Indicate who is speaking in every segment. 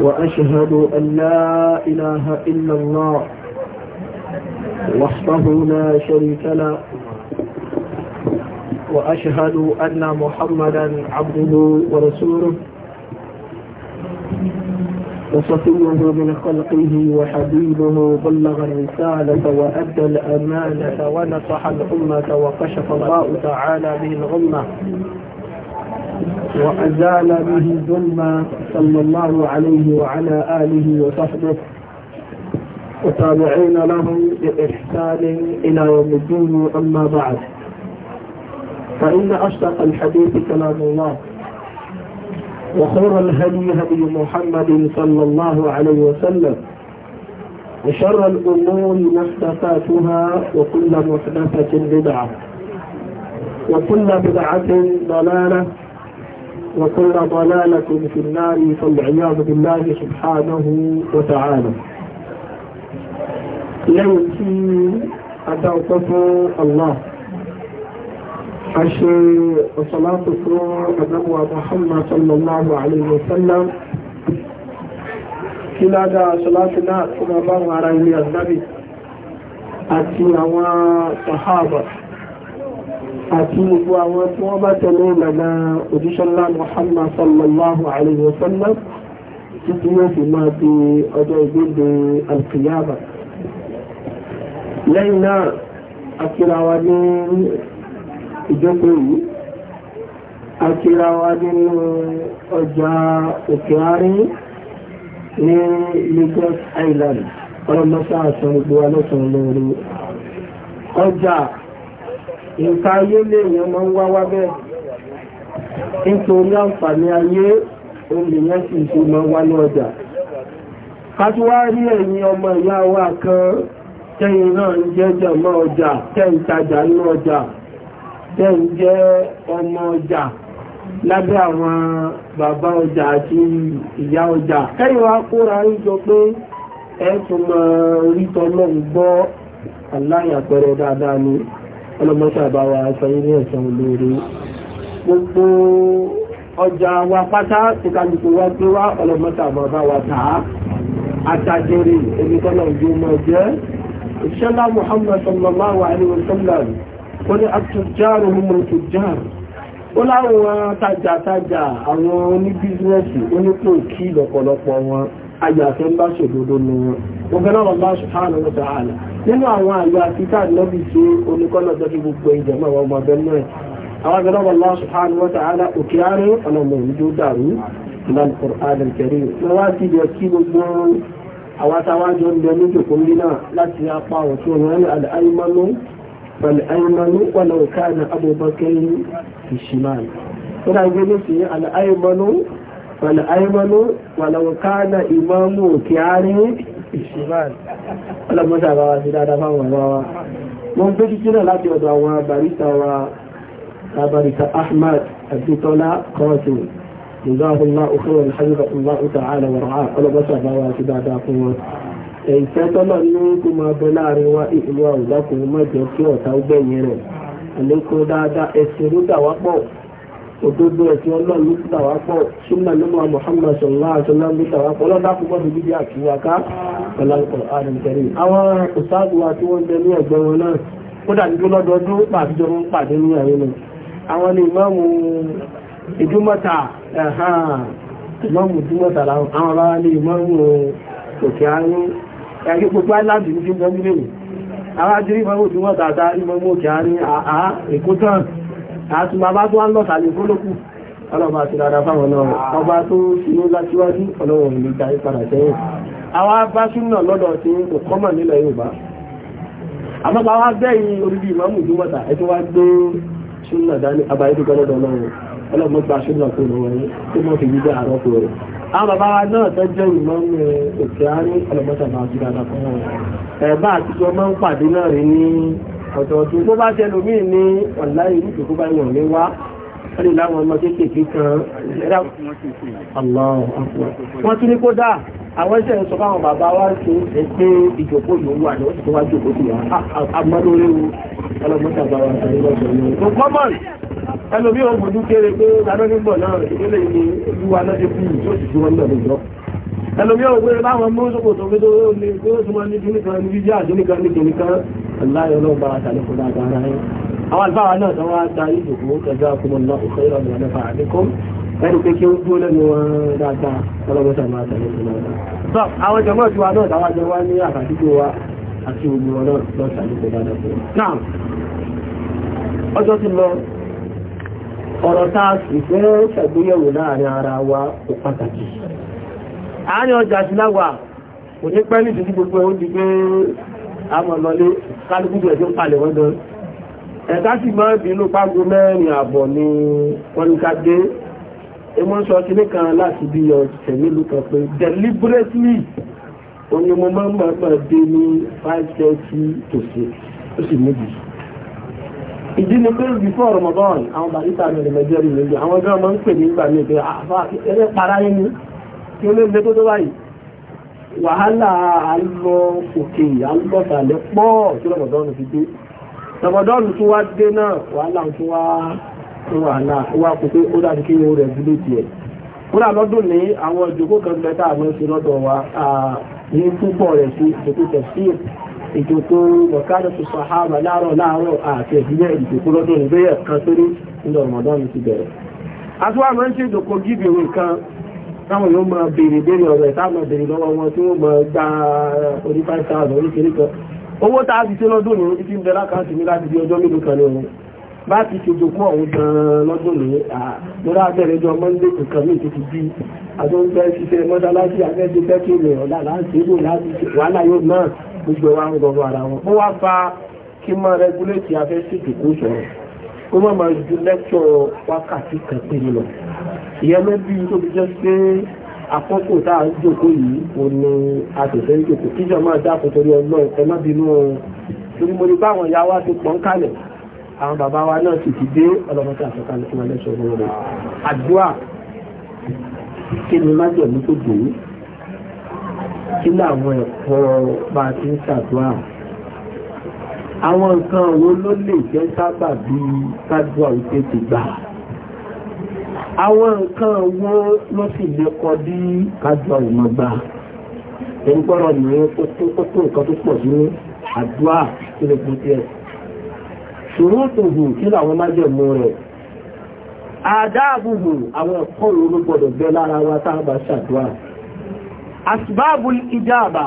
Speaker 1: وأشهد أن لا إله إلا الله وحده لا شريك له وأشهد أن محمدا عبده ورسوله وصفيه من خلقه وحبيبه بلغ الرسالة وأدى الأمانة ونصح الأمة وكشف الله تعالى به الغمة وأزال به ظلما صلى الله عليه وعلى آله وصحبه وتابعين لهم بإحسان إلى يوم الدين أما بعد فإن أصدق الحديث كلام الله وخير الهدي هدي محمد صلى الله عليه وسلم وشر الأمور محدثاتها وكل محدثة بدعة وكل بدعة ضلالة وكل ضلالة في النار فالعياذ بالله سبحانه وتعالى لن في أتوقف الله أشي وصلاة النبوة محمد صلى الله عليه وسلم كلا دا صلاة النار كما بغى على النبي أتي أوا صحابه àti gbogbo àwọn tí wọ́n bá tẹ̀lé ìlànà òjíṣẹ́lá Muhammad sallallahu alayhi wa sallam títí yóò fi máa di ọjọ́ ìgbéde alkiyama lẹ́yìn náà akírawa ní ìjókòó yìí akírawa nínú ọjà òkè ní Lagos Island ọlọ́mọṣáàṣán gbogbo alọ́sàn lórí ọjà nǹkan ayé lèèyàn máa ń wá wá bẹ́ẹ̀ nítorí àǹfààní ayé olèyàn sì tó máa wá ní ọjà kátúwá rí ya ọmọ ìyá wa kan tẹ́yìn náà ń jẹ́ ọjà tẹ́yìn tajà ní ọjà tẹ́yìn jẹ́ ọmọ ọjà lábẹ́ àwọn bàbá ọjà àti ìyá ọjà tẹ́yìn wá kóra ń jọ pé ẹ tún máa rí tọ́lọ́ ń gbọ́ aláyàpẹrẹ dáadáa ni. ọlọ́mọ́sá bá wa sọyí ní ẹ̀sán olóore gbogbo ọjà wa pátá tí kálukú wa gbé wá ọlọ́mọ́sá bá bá wa tà á atajere ẹni tọ́lọ̀ ojú ọmọ jẹ́ ìṣẹ́lá Muhammad sallallahu alaihi wa sallam ó ní atújáàrù mímọ̀ tùjáàrù ó láwọn tajàtajà àwọn oníbísínẹ́sì onípò kí lọ́pọ̀lọpọ̀ wọn ayàfẹ́ ń bá ṣòdodo nù wọn وقال الله سبحانه وتعالى nínú àwọn àlọ́ àfíkà lọ́bì tí oníkọ́nà tó fi gbogbo ìjọba wọn ọmọ ọ̀bẹ náà àwọn agbẹ́lọ́wọ́ Allah subhanahu wa ta'ala òkè àárín ọ̀nà ọmọ ìjọ dàrú ìlànà Qur'an al-Karim wá sí ìjọ kí gbogbo àwọn atáwájọ ń bẹ níjò kó ní náà láti apá ọ̀tún wọn ní ọlọ́mọdé àbáwá sí dáadáa fáwọn ọ̀rọ̀ wa wọ́n tó títí náà láti ọ̀dọ̀ àwọn barista wa barista Ahmad Abitola kọ́ọ̀tù ìzáhùnlá òfúrò ìhàjúkàtúnlá ta'ala wàrà ọlọ́mọdé àbáwá sí dáadáa fún wọn ẹ̀yìnfẹ́ tọ́lọ̀ ní kó máa bẹ láàrin wa ìlú àwùjọ kò mọ̀ jẹ́ kí ọ̀tá ó gbẹ̀yìn rẹ̀ àlékún dáadáa ẹ̀sìn rúdà wá pọ̀ òdodo ẹ̀sìn ọlọ́run ló tà wá pọ̀ súnmọ́ ló máa Muhammad sallallahu alaihi wasallam ló tà wá pọ̀ lọ́dà púpọ̀ fi gidi àtiwá ká ọ̀làǹkọ̀ àdìmkẹ́rì. àwọn òṣàgbò àti wọn bẹ ní ẹ̀gbẹ́ wọn náà ó dàbí tó lọ́dọọdún pàtijọ́ ń pàdé ní àwọn ẹ̀mọ́. àwọn ni ìmáàmù ìdúmọ̀tà ìmáàmù ìdúmọ̀tà làwọn àwọn bá ní ìmáàmù òkè àárín ẹ̀yà gbogbo aláàbì ní fi ń àti bàbá tó wá ń lọ́ta ní fólókù ọlọ́ba ti rárá fáwọn náà ọba tó ṣinú látíwájú ọlọ́run ní ìjà ìpadà sẹ́yìn àwa bá súnà lọ́dọ̀ tí kò kọ́mọ̀ nílẹ̀ Yorùbá àbábá wá bẹ́yìn orí ìmọ̀mù ìdúmọ̀ta ẹ tó wá gbé súnà dání àbáyé tó gbọ́dọ̀ lọ́rùn ọlọ́mọ gba ṣúgbà tó lọ wọ́n tó mọ́ fi gbígbà àárọ̀ fún rẹ̀. àwọn bàbá wa náà tó jẹ́ ìmọ̀ọ́mù eh, òkè àárín ọlọ́mọ tàbí ọ̀tọ̀ọ̀tọ̀ tó bá ṣe lómi ní ọ̀la ìrúkù tó bá yàn mí wá wọ́n láwọn ọmọ kéékèèké kan wọ́n tún ní kó dáa àwọn iṣẹ́ ìsọ fáwọn bàbá wa ń ṣe ẹgbẹ́ ìjòkó yòówù àti wọ́n sì tó wá jòkó sí wa àmọ́lórí wo ọlọ́mọta bá wa sáré lọ́sọ̀ ní ọ̀hún. kọ́mọ̀n ẹlòmíràn bòdú kéré pé lánàá nígbọ̀ ni olúwa náà ti kú yìí tó sì fi wọ́n náà ẹlòmí ọ̀gbẹ́ láwọn mọ́sọ̀kò tó gbẹ́dọ̀ ní ìgbésùnmọ́ ní kìnnìkan ní jíjá àdínìkan ní kìnnìkan aláyọ̀ náà bá àtàlẹ́ fún dáadáa ara yẹn àwọn àlùfáà náà tó wá ta ìdòkó tẹjọ́ àkúmọ̀ náà òkè ìrọ̀ ní ọ̀nẹ́fà àdínkùn ẹni pé kí ó dúró lẹ́nu wọn dáadáa ọlọ́mọta máa tẹ̀lé fún dáadáa. sọ àwọn jọmọ́ ìtura náà táwọn jọ wá ní àkàtúntò wa àti ogun wọn náà lọ ọjọ́ ti lọ ọ̀rọ̀ tá fẹ́ ṣàgbéyẹ̀wò láàrin ara wa kò pàtàkì àárín ọjà sí láwà kò ní pẹ́ ní ìdí gbogbo ẹ̀hún di pé àmọ̀lọ́lé kálùkùdù ẹ̀jọ́ palẹ̀ wọ́n dán ẹ̀ká sì máa bínú págó mẹ́rin àbọ̀ ni wọ́n ní ká dé ẹmọ́ sọ kí ní kan láti bí ọ̀sẹ̀ nílùú kan pé deliberately oní mo máa ń máa máa dé ní 5:30 to 6 ó sì méjì ìdí ni pé before Ramadan àwọn bàríkà mi rẹ̀ mẹ́jẹ́rì lójú àwọn gan máa ń pè nígbà mi pé ah, àfáà ẹ̀rẹ́ para yín ni tí ó lè lé tó báyìí wàhálà alọ òkè tí rọ̀mọ̀dọ́nù fi dé rọ̀mọ̀dọ́nù tó wá dé náà wàhálà tó wá wàhálà wá kò pé ó dájú kí ó rẹ̀ dúró tiẹ̀ lọ́dún ní àwọn kan àwọn ṣe lọ́dọ̀ wa ní púpọ̀ rẹ̀ sí ìjókòó tó láàárọ̀ àti ẹ̀dínlẹ̀ lọ́dún ní bẹ́ẹ̀ kan sórí ní ti bẹ̀rẹ̀. a táwọn yóò máa béèrè béèrè ọ̀rọ̀ ẹ̀ táwọn béèrè lọ́wọ́ wọn tí wọ́n máa gba orí five thousand oríṣiríṣi kan owó tá a fi lọ́dún ní ibi ń bẹ lákàtì mi láti di ọjọ́ mélòó kan ní ọ̀run bá ti ṣe jòkó ọ̀hún gan-an lọ́dún ní àmúra abẹ́rẹ́jọ mọ́ndé kankan ní ìtòkì bí àjọ ṣiṣẹ́ mọ́ṣáláṣí abẹ́jọ bẹ́kì ilẹ̀ láti ṣe láti ṣe wàhálà yóò náà gbogbo wa ń gọrọ ara wọn. ó wá fa kí máa rẹgúlétì afẹ́ sí ìtòkó sọ̀rọ̀ kó má máa ju lẹ́kṣọ̀ wákàtí kan pé lọ ìyẹn ló bí tó fi jẹ́ pé àkókò tá à ń jòkó yìí kò ní àtẹ̀fẹ́ ń jòkó kíjọ máa dákò torí ọlọ́run ẹ má bínú ọrùn torí mo ní báwọn ìyá wa ti pọ̀ ń kalẹ̀ àwọn bàbá wa náà sì ti dé ọlọ́mọdé àtọ́kalẹ̀ fún ẹlẹ́sọ̀ ọ̀rọ̀ rẹ̀ àdúrà kí ni májẹ̀mú tó dùn kí láwọn ẹ̀kọ́ bá ti ń ṣàdúrà àwọn nǹkan wo ló lè jẹ́ sábà bí kájúwà wípé ti gbà àwọn nǹkan wo ló sì lè kọ bí kájúwà ìmọ̀ gbà ẹni gbọ́rọ̀ ní ó tó nǹkan tó pọ̀ sí àdúrà tó lè kún tiẹ̀ ṣòro tòhù kí làwọn májẹ̀mú rẹ̀ àdáàbùhù àwọn ẹ̀kọ́ ìrònú gbọ́dọ̀ bẹ́ lára wa tá a bá ṣàdúrà asbábùl ìjáàbà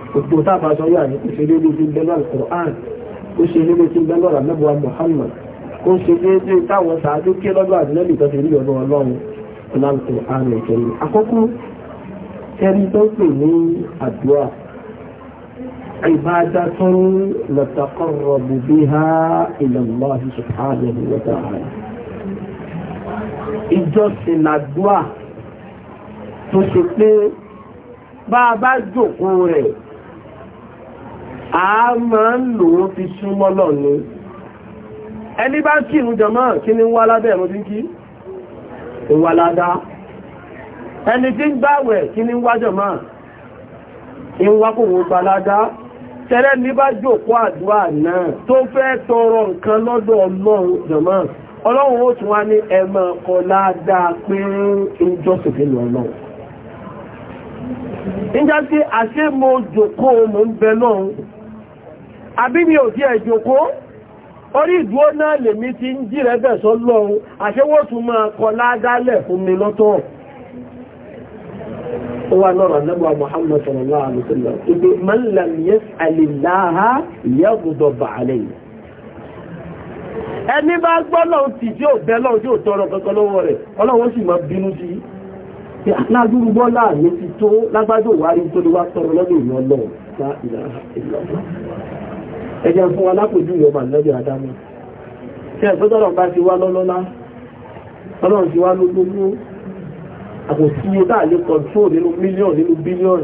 Speaker 1: gbogbo tábà sọ yà ní òṣèré lójú bẹ́lá alukur'an òṣèré lójú bẹ́lá alamẹ́bùwa muhammad kó ṣe déédéé táwọn sàájú kí lọ́dọ̀ àdínẹ́bì tó ti rí ọ̀dọ̀ ọlọ́run ọ̀nà alukur'an ìkẹyìn àkọ́kọ́ ẹni tó pè ní àdúrà ìbájá tó ń lọ́tàkọ́rọ̀bù bí ha ìlànà subhanahu wa ta'ala ìjọsìn làdúà tó ṣe pé bá a bá jòkó rẹ̀ a máa ń lò ó fi súnmọ́ lọ́n ní ẹni bá kí ìrun jọmọ́ kí ní wá ládá ẹ̀rùn tí kí ń wá ládá ẹni tí ń gbáwẹ̀ kí ní wá jọmọ́ ń wá kò wọ́n gba ládá tẹ́lẹ̀ ní bá jòkó àdúrà náà tó fẹ́ tọrọ nǹkan lọ́dọ̀ ọlọ́run jọmọ́ ọlọ́run ó tún wá ní ẹmọ ọkọ̀ ládàá pé ń jọ́sìn fún ọlọ́run nígbà tí àṣẹ jòkó mo ń bẹ lọ́run àbí mi ò tí ẹ̀ jòkó orí ìdúró náà lèmi ti ń jí rẹ̀ bẹ̀ sọ lọ́run àṣẹwó tún máa kọ ládálẹ̀ fún mi lọ́tọ̀ ó wà lọ́rọ̀ lẹ́gbà Muhammad sallallahu alaihi wasallam ibi man lam yas'alillaha yaghdab alayhi ẹni bá gbọ́ lọ́run tí tí ò bẹ́ lọ́run tí ò tọrọ kankan lọ́wọ́ rẹ̀ ọlọ́run sì máa bínú sí lágbúrú bọ́lá mi ti tó lágbájò wárí tó lè wá tọrọ lọ́dún ìyọ́ lọ́run ẹjẹ́ fún wa lápòjú ìyọba lẹ́bí àdámù tí ẹ̀fẹ́ tọ́lọ̀ bá ti wá lọ́lọ́lá ọlọ́run ti wá lólógún àkòsíyé táà lè kọ̀ntró nínú mílíọ̀n nínú bílíọ̀n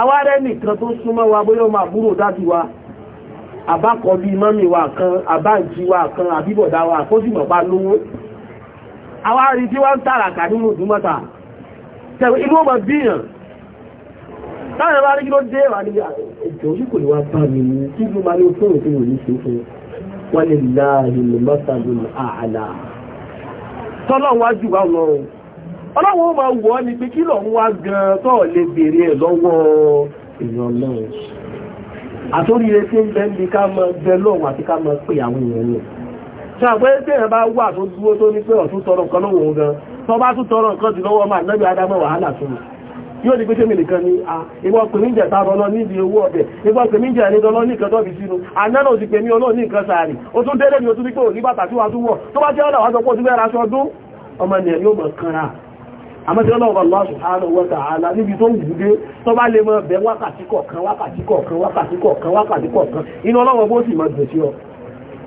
Speaker 1: awárẹ́ nìkan tó súnmọ́ wa bóyọ́ máa búrò dájú wa àbákọ bí mọ́mì wa kan àbáǹjì wa kan àbíbọ̀dá wa kó sì mọ̀pá lówó awárí tí wọ́n ń tààràkà nínú ìdúmọ́ta táwọn ẹ̀rọ arígbó dé wà níbi àjọ orí kò lè wá bá mi ní kí ló máa ní fún òfin òní ṣe fún wọn lè láàyè lè mọ́sàlù àlà tọ́lọ́run wá jù wá lọ ọlọ́run máa wọ́ ni pé kí lọ́run wá gan tó lè béèrè ẹ̀ lọ́wọ́ èèyàn náà àtóríire tí ń bẹ́ ń bi ká mọ bẹ lọ́run àti ká mọ pé àwọn èèyàn náà ṣàpẹ́ tí èèyàn bá wà tó dúró tó ní pé ọ̀tún tọrọ nǹkan lọ́wọ́ gan tó bá tún tọrọ nǹkan jù lọ́wọ́ máa nẹ́bí adámọ́ wàhálà tó rẹ̀ yóò di pé mìlìkan ni a ìwọ pè mí jẹ̀ tààrọ lọ níbi owó ọ̀bẹ̀ ìwọ pè mí jẹ̀ lọ ní nǹkan tọ́bi sínú àná ò sì pè mí olóò ní nǹkan sàárì ó tún délé ni ó tún ní pé ò ní bàtà tí wà tún wọ̀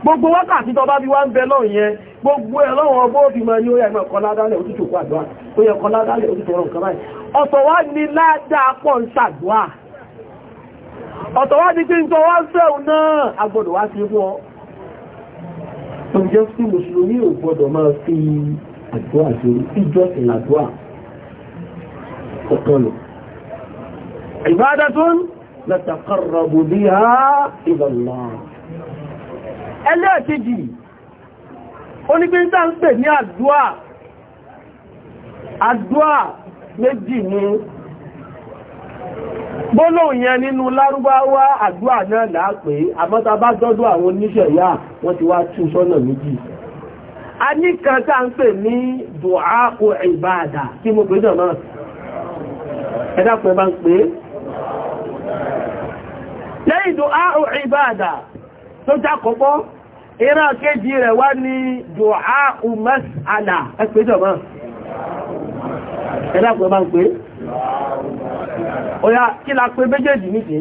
Speaker 1: gbogbo wákàtí tó bá bí wá ń bẹ lọ́rùn yẹn gbogbo ẹ̀ lọ́wọ́ ọgbọ́ òfin ma ní ó yẹ kọ́ ládálẹ̀ òtútù kó àdúrà ó yẹ kọ́ ládálẹ̀ òtútù ọ̀rọ̀ nǹkan báyìí ọ̀tọ̀ wá ní ládàá pọ̀ ń ṣàdúrà ọ̀tọ̀ wá ní pín tó latakarrabu biha ila Allah ẹlẹ́ẹ̀kejì onígbíntà ń pè ní àdúà àdúà méjì ni gbólóhùn yẹn nínú lárúbáwá àdúà náà láàpé àmọ́ta bá dọ́dọ̀ àwọn oníṣẹ̀yà wọ́n ti wá tú sọ́nà méjì a ní kan tá ń pè ní dùákù ìbáadà kí mo pè dọ̀nà ẹ̀dàpẹ̀ bá ń pè lẹ́yìn dùákù ìbáadà tó jákọ̀ọ́kọ́ ìran kéjì rẹ̀ wá ní dùhá umas àlà ẹgbẹ́jọ̀ mọ́ ẹ̀dàpẹ́ bá ń pé ọ̀yá kí la pé méjèèjì nìkí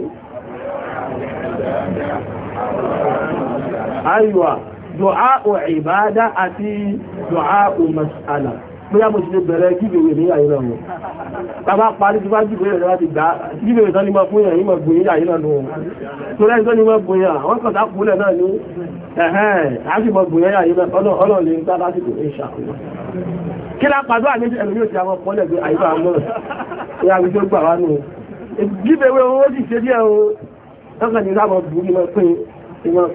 Speaker 1: ayùwà dùhá ìbádá àti dùhá umas àlà bóyá mo ti lè bẹ̀rẹ̀ gíbèwé ní àyílẹ̀ wọn tàbá parí tí bá gíbèwé rẹ̀ láti gbá gíbèwé tán ní mọ́ fún ìyàn ní mọ́ gbòyìn àyílẹ̀ lọ́wọ́ tó rẹ́ àṣìbọ̀ gbìyànjú àyíká ọlọ́run lè ń gbá lásìkò ìṣàkóso kí lápàdó àmì ẹ̀lú yóò ti àwọn pọ́lẹ̀ bí àyíká àmọ́ ẹ̀ àbí tó gbà wá nù gbígbèwé owó sì ṣe díẹ̀ o lọ́kàn ní láwọn bú ní wọn pín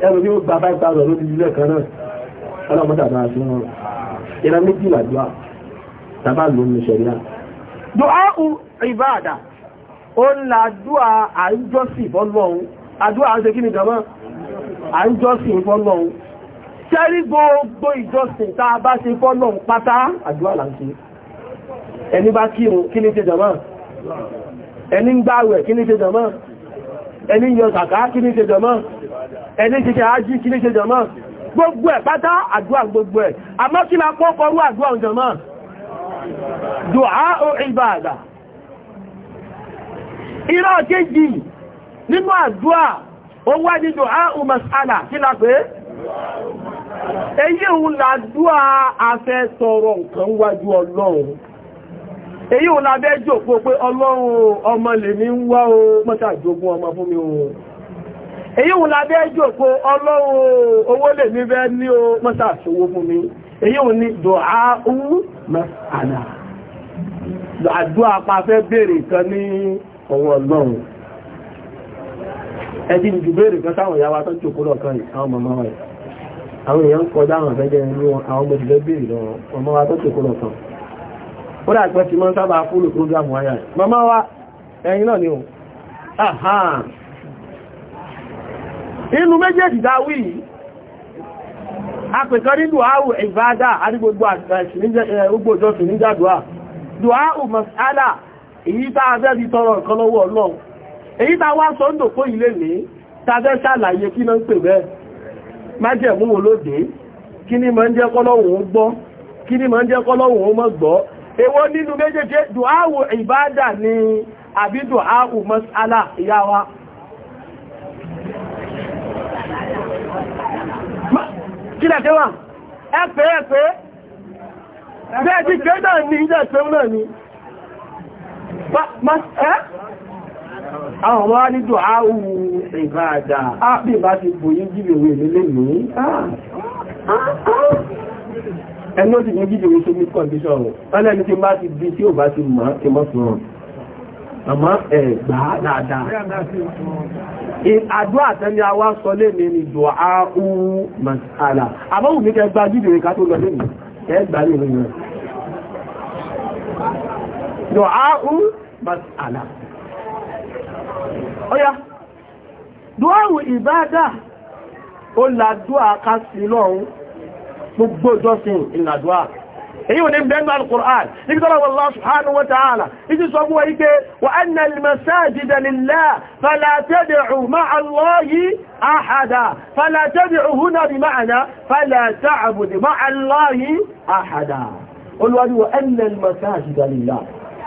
Speaker 1: ẹ̀rù yóò gba bá ìgbà rọ̀ lórí ilé kan náà ọlọ́mọdà máa fi wọn ìran méjì u ìbáàdà ó ń la àdúrà àjọsìn bọ́lọ́run àdúrà ń à ń jọ́sìn fọ́lọ́un tẹ́rí gbogbo ìjọsìn tá a bá ṣe fọ́lọ́un pátá àdúrà là ń ṣe ẹni bá kírun kí ní ṣe jàmá ẹni ń gbààwẹ̀ kí ní ṣe jàmá ẹni ń yọ sàká kí ní ṣe jàmá ẹni ń ṣiṣẹ́ ájí kí ní ṣe jàmá gbogbo ẹ̀ pátá àdúrà gbogbo ẹ̀ àmọ́ kí la kọ́kọ́ rú àdúrà jàmá dùhá ó ìbàdà irọ́ kéjì nínú àdúrà ó wá ní dùá umasala kí la pé èyí òun làdúà afẹ́ sọ̀rọ̀ nǹkan wájú ọlọ́run èyí òun lábẹ́ jòkó pé ọlọ́run ọmọ lèmi ní wá mọ́ta ọmọ fún mi o èyí òun lábẹ́ jòkó ọlọ́run owó lèmi ní fún mi ẹjí ni jù bèèrè kan táwọn ìyàwó atọ́jú òkú lọ kan àwọn màmá wa àwọn èèyàn kọjá àwọn àfẹ́jẹ́ ní wọn àwọn ọmọ ìjìlẹ̀ bèèrè lọ màmá wa atọ́jú òkú lọ kan ó dà pẹ́ ti máa ń sábà fúlù program wáyà màmá wa ẹ̀yin náà ni ó inú méjèèjì dáwì apẹ̀kan ní dùháù ìbádà àti gbogbo ìjọsìn nígbàdùá dùháù mas'ala èyí tá a fẹ́ ti tọrọ nǹkan lọ́wọ́ Ọlọ́run èyí ta wá sọ ń dòkó ilé ní tàbẹ́ ṣàlàyé kí náà ń pè bẹ́ẹ̀ májẹ̀mú olóde kí ní ma ń jẹ́ kọ́lọ́wọ̀n gbọ́ kí ní ma ń jẹ́ kọ́lọ́wọ̀n mọ́ gbọ́ èwo nínú méjèèjì dùáwò ìbádà ni àbí dùáwò mọ́sálà ìyá wa bẹ́ẹ̀ ti kéjà ní ilẹ̀ tẹ́mù náà ni àwọn ọmọ ní dùn áwù ìbáadà ápì bá ti bò yí jíbi òwe lélé ní ẹni ó ti ní jíbi òwe tó ní kọ̀díṣọ̀ rẹ̀ ọlẹ́ni tí bá ti bí tí ò bá ti mọ̀ tí mọ́ fún ọ̀rọ̀ àmọ́ ẹ̀gbá dáadáa àdúrà tẹ́lẹ̀ awá sọ lé ní ni dùn áwù màsàlà àmọ́wù ní kẹgbà jíbi òwe ká tó lọ lé ní ẹgbà ọya dúwáwù ìbádà ó làdúwà ká sí lọ́run gbogbo ìjọsìn ìlàdúwà èyí òní bẹ́ẹ̀nà al-Qur'an níbi tọ́lọ̀wọ̀ Allah subhanahu wa ta'ala ìsì sọ fún wa ike wa anna al-masajida lillah fala tad'u ma'a Allahi ahada fala tad'u huna bi ma'ana fala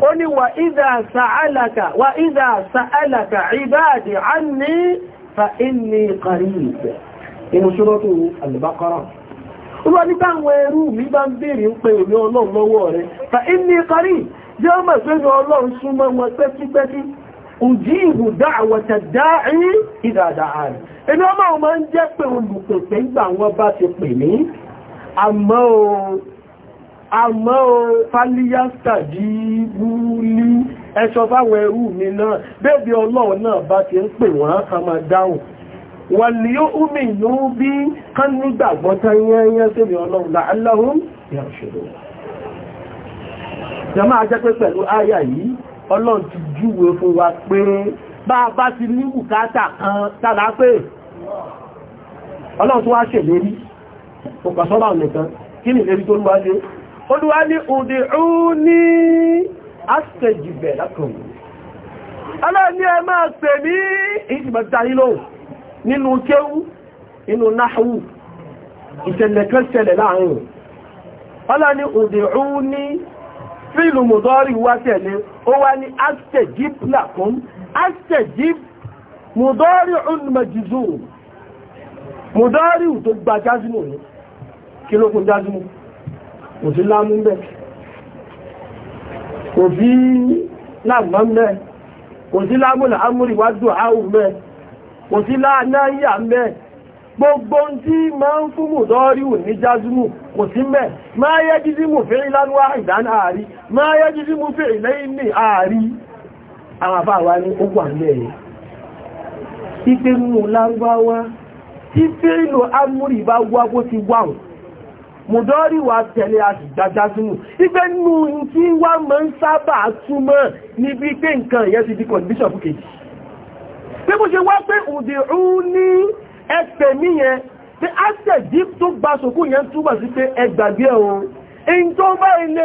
Speaker 1: ó wa wà sa'alaka wà ìdá sa'alaka ìbáàdì anni fa inni qarib inú suratu al-Baqara wọ́n ní táwọn mi bá bèèrè ń pè ní lọ́wọ́ rẹ̀ fa inni qarib ujibu da'wata da'i idha da'an ti àmọ́ o fálíyàstà jí búlí ẹṣọ́ fáwọn ẹrú mi náà bébí ọlọ́run náà bá ti ń pè wọ́n a máa dáhùn wọ́n ni ó húnmì ní ó bí kán nígbàgbọ́ tán yẹ́yẹ́ sórí ọlọ́run láàláhùn yàṣẹ́rò jàmá jẹ́ pé pẹ̀lú àyà yìí ọlọ́run ti júwe fún wa pé bá a bá ti ní bùkátà kan tàbá pé ọlọ́run olúwa ní òdì òun ní àṣẹjìbẹ̀ lákùn aláàní ẹ máa pè ní ìjìbàtàílò nínú kéwú inú náhù ìṣẹ̀lẹ̀ kan ṣẹlẹ̀ láàrin aláàní òdì òun ní fíìlù mùdọ́rì wá tẹ̀lé ó wá ní àṣẹjìb lákùn mùdọ́rì òun mẹ́jìzù mùdọ́rì kò sí lámú bẹ́ kò sí lágbọ́n bẹ́ kò sí lámúlà amúríwájú àáwù bẹ́ kò sí láàáyà bẹ́ gbogbo tí ma ń fún mù dọ́ríwù ní jazmù kò sí mẹ́ máa yẹ́ jíjí mù fi ìlànà ìdán ààrí máa yẹ́ jíjí mù fi ìlẹ́yìn ní ààrí àwọn àbáwá ní ó wà mẹ́rin ìpé mú lárúbáwá tí fèèlò amúrí bá mùdọ́rì wà tẹ̀lé àṣìjájá súnmù ipé nù tí wá mọ́ ń sábà túmọ̀ níbi pé nǹkan ìyẹn ti di condition fún kejì pé mo ṣe wá pé òdì òun ní ẹ̀pẹ̀ mí yẹn pé àṣẹ̀dí tó gba sòkú yẹn túbọ̀ sí pé ẹgbàgbé ohun èyí tó bá ilé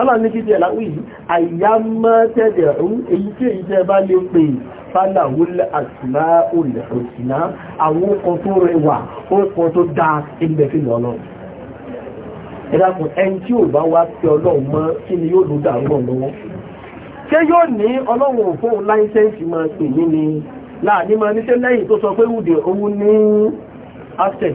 Speaker 1: ọlọ́run ní kíkẹ́ ẹ̀láwí yìí àyà mọ́ tẹ́lẹ̀ ọ̀hún èyí tí èyí tẹ́ bá lè pè fáláwúlẹ̀ àtìlá olè òsìlá àwọn ọkọ̀ tó rẹwà ọkọ̀ tó dá ìgbẹ̀fìlẹ̀ ọlọ́run ẹ̀dàkùn ẹni tí ò bá wá pé ọlọ́run mọ́ kí ni yóò lò dàrúmọ̀ lọ́wọ́ ṣé yóò ní ọlọ́run òfóun láìsẹ́ǹsì máa pè ní ni láàní máa níṣẹ́ lẹ́yìn tó sọ pé wùdè òun ní access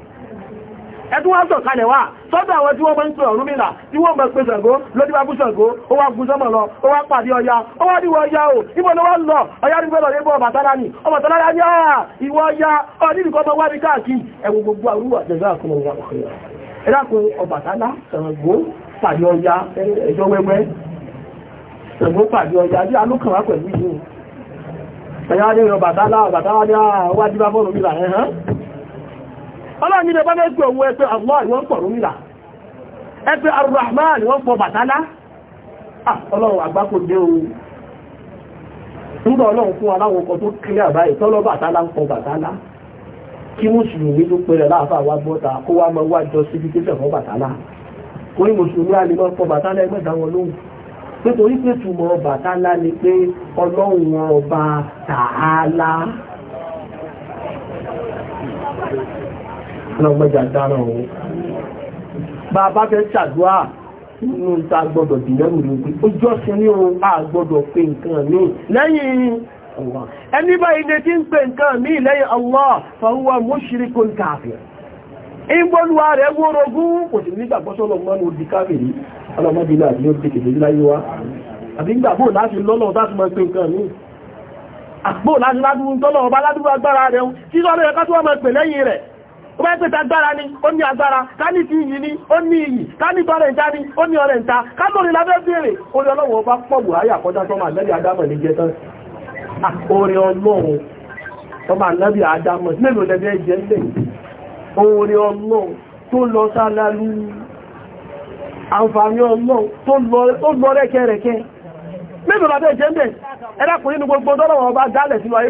Speaker 1: ẹ̀tún wá sọ̀kalẹ̀ wá sọ́dọ̀ àwọn tí wọ́n bá ń pè Ọ̀rúnmìlà tí wọ́n bá pè Ṣàngó lójú bá gúsàngó ó wá gún sọ́mọ̀ lọ ó wá pàdé Ọya ó wá níwọ̀ Ọya o ìbọn ló wá lọ Ọya ní gbọ́dọ̀ lébọ̀ Ọbàtálá ni Ọbàtálá ah, ní àà ìwọ̀ Ọya ọ̀nìdìkọ́ bọ́ wá ní káàkiri ẹ̀wù gbogbo àrúwà jẹ̀gbà kọmọ̀ wà ẹ̀dàkùn Ọbàtálá Ṣàngó pàdé Ọya ẹjọ́ wẹ́wẹ́ Ṣàngó pàdé Ọya bí alókànwá pẹ̀lú ìlú ọlọ́run ní bẹ́bá mẹ́gbẹ̀ òun ẹgbẹ́ allah wọ́n pọ̀ rúmìlà ẹgbẹ́ arrahman wọ́n pọ̀ bàtálá ah, ọlọ́run àgbákò dé ohun nígbà ọlọ́run fún aláwọn ọkọ̀ tó kílẹ̀ àbáyé tọ́lọ́ ń pọ̀ bàtálá kí mùsùlùmí tó pẹ̀rẹ̀ láàfà wá gbọ́ta kó wá mọ́ a lè mọ́ pọ̀ ọlọ́gbẹ́jà dára ọ̀hún bàbá fẹ́ ṣàdúrà nínú ta gbọ́dọ̀ dìnàmù ní pé ó jọ́sìn ní ohun a gbọ́dọ̀ pé nǹkan ní lẹ́yìn Allah ẹni báyìí lè tí ń pè nǹkan ní lẹ́yìn Allah fahuwa mushrikun kafir ìgbóluwa rẹ̀ wórogún kò sì nígbàgbọ́sọ́lọ̀ mọ́nu di káfìrí ọlọ́mọdé náà ni ó ti kèfèrí láyé wa àbí gbàgbó láti lọ́lọ́ láti mọ́ pé nǹkan ní àgbó láti ládùn tọ́lọ̀ ọba ládùn agbára rẹ̀ ó bá pẹ̀ta agbára ni ó ní agbára ká ní ti yìí ni ó ní iyì ká ní tọ́rẹ̀ ìta ni ó ní ọrẹ̀ ìta ká lórí lábẹ́ bèèrè orí ọlọ́wọ́ bá pọ̀ buhari àkọ́já tọ́mà lẹ́bí adámọ̀ ní jẹ́ tán orí ọlọ́run tọ́mà lẹ́bí adámọ̀ mélòó lẹ́bí jẹ́ lẹ́ orí ọlọ́run tó lọ sálálú àǹfààní ọlọ́run tó lọ rẹ́kẹ́rẹ́kẹ́ mélòó lábẹ́ jẹ́ lẹ́ ẹ̀dàkùnrin gbogbo dọ́lọ́wọ́ bá dálẹ̀ sínú ayé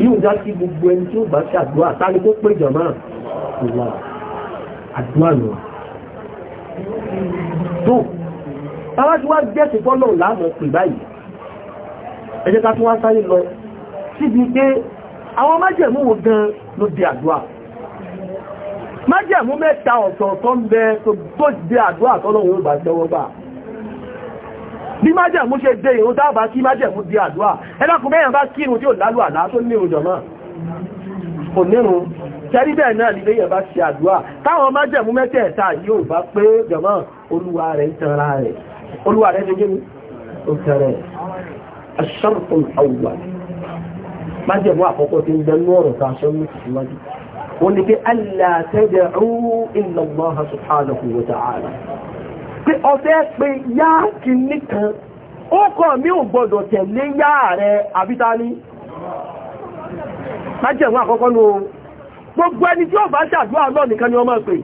Speaker 1: yíò já sí gbogbo ẹni tí ó bá ṣe àdúrà tàbí kó pé jọmọ́ ìwà àdúrà lọ tó bàbá tí wá jẹ́ sí fọ́lọ̀ láàmọ̀ pè báyìí ẹ jẹ́ ká tún wá sáré lọ síbi pé àwọn májẹ̀mú wo gan ló di àdúrà májẹ̀mú mẹ́ta ọ̀tọ̀ọ̀tọ̀ ń bẹ tó gbọ́ bí májẹ̀mú ṣe dé ìrún dábàá kí májẹ̀mú di àdúrà ẹlọ́kùn mẹ́rin bá kírun tí ò lálù àlá tó ní ìrùn jọmọ́ kò nírun tẹ́rí bẹ́ẹ̀ náà lílé yẹn bá ṣe àdúrà táwọn májẹ̀mú mẹ́tẹ̀ẹ̀ta yóò bá pé jọmọ́ olúwa rẹ̀ pé ọfẹ́ pé yá kì nìkan ó kọ̀ mí ò gbọdọ̀ tẹ̀lé yá rẹ̀ àbítání májẹ̀wọ́n àkọ́kọ́ ní ohun gbogbo ẹni tí ó bá ṣàdúrà lọ nìkan ni ọmọ pè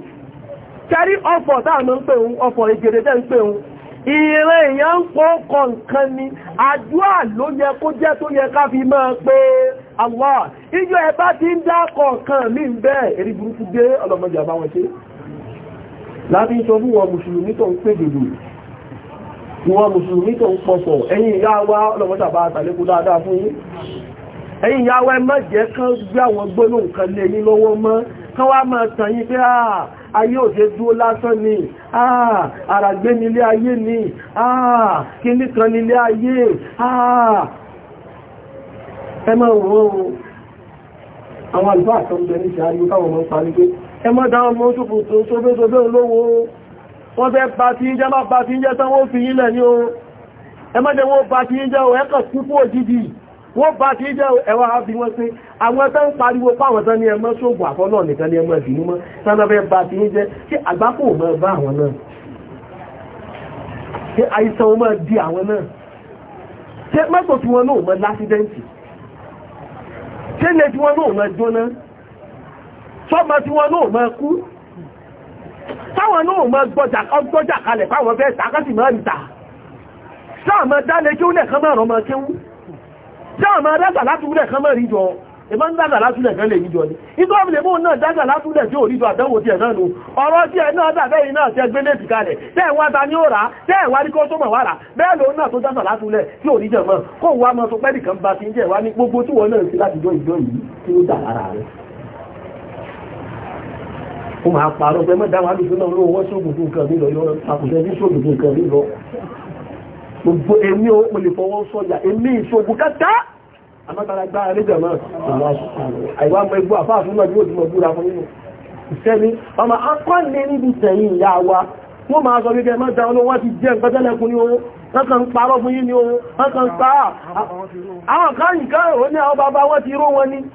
Speaker 1: kẹrí ọfọ̀ táàmù ń pè ohun ọfọ̀ ìgèrè tẹ́ ń pè èèyàn ń ni ló yẹ kó jẹ́ tó yẹ ká fi máa pé ìjọ ẹ̀bá ti ń mí bẹ́ẹ̀ èrì burúkú láti sọ fún wọn mùsùlùmí tó ń pè dòdò wọn mùsùlùmí tó ń pọ̀sọ̀ ẹ̀yin ìyá wa ọlọ́mọ́ta bá àtàlékú dáadáa fún yín ẹ̀yin ìyá wa ẹ má jẹ́ kán gbé àwọn gbóná nǹkan lé yín lọ́wọ́ mọ́ kán wá máa tàn yín pé àà ayé òṣè dúó lásán ni àà àràgbé nílé ayé ni àà kíní kan nílé ayé àà ẹ máa wọ́n àwọn àlùfáà kan bẹ ní ṣe ayé káwọn mọ́ parí pé ẹmọ́dá ọmọ ṣùgbùtù ṣobéṣobé olówó wọ́n fẹ́ bá tí ń jẹ́ má bá tí ń jẹ́ tán wọ́n fi yílẹ̀ ní o ẹmọ́dẹ̀ wọ́n bá tí ń jẹ́ o ẹ́kọ̀ sípò òjìdì wọ́n bá tí ń jẹ́ ẹwà àbí wọ́n pé àwọn tán pariwo páwọn tán ní ẹmọ́ ṣògbò àfọ́lọ́ nìkan ní ẹmọ́ ìbínú mọ́ tán fẹ́ bá tí ń jẹ́ kí àgbákò mọ́ bá àwọn náà kí àìsàn mọ́ di àwọn náà kí mọ́tò tí wọ́n náà mọ́ lásídẹ́ǹtì kí lè tí wọ́n náà mọ́ jóná sọ́mọ tí wọn náà máa kú táwọn náà máa gbọ́jà kalẹ̀ fáwọn fẹ́ tàkásì máa ń tà sáàmà dálé kí ó lẹ́ẹ̀kan máa rọmọ kéwú sáàmà dágbà látúlẹ̀ kan máa ríjọ ẹmọ́ ń dágbà látúlẹ̀ kan lè ríjọ ní ìtọ́ ọmọdé mọ́ náà dágbà látúlẹ̀ tí ò ríjọ àdánwò tí ẹ̀ náà nù ọ̀rọ̀ tí ẹ̀ náà dàbẹ́ iná tẹ́ gbé lẹ́tì kalẹ̀ tẹ́ẹ̀wá ta ní ó rà ó máa parọ́ pé mọ́ dáwọn àdúgbò náà lówó ṣògùn tó nǹkan mi lọ yọ àkùnjẹ ní ṣògùn tó nǹkan mi lọ gbogbo èmi ò pèlè fọwọ́ sọ́jà èmi ìṣògùn kátá àmọ́tàlágbá àríjà náà àìwá mọ ẹgbọ́ àfáàfún náà yóò ti mọ̀ búra fún nínú ìṣẹ́ni ọmọ akọ́lẹ̀ níbi tẹ̀yìn ìyá wa wọ́n máa sọ gẹ́gẹ́ mọ́ta olówó ti jẹ́ ìpẹ́tẹ́lẹ̀kùn ní owó lọ́kàn ń parọ́ fún yí ní owó lọ́kàn ń pa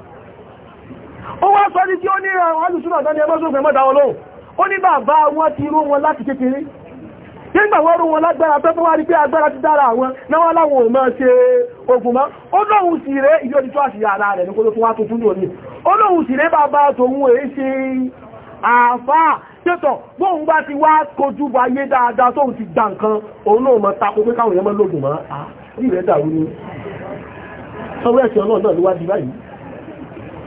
Speaker 1: ó wá sọ ní tí ó ní àwọn alùsùn àtàdé ẹmọ́sùnfẹ́ mọ́ta wọn lóhùn ó ní bàbá wọn ti ró wọn láti kékeré nígbà wọ́n rú wọn lágbára pẹ́pẹ́ wá rí pé agbára ti dára àwọn náwà láwọn ò máa ṣe ogun mọ́ ó lóhun sì rẹ̀ ìlú ọdí tó àṣìyà ara rẹ̀ ní kó ló fún wá tuntun ní òní ó lóhun sì rẹ̀ bàbá tòun èé ṣe àfáà tẹ́tọ̀ ti wá kojú bá yé dáadáa tóhun ti gbà nǹkan òun náà mọ́ tako pé káwọn èèyàn mọ́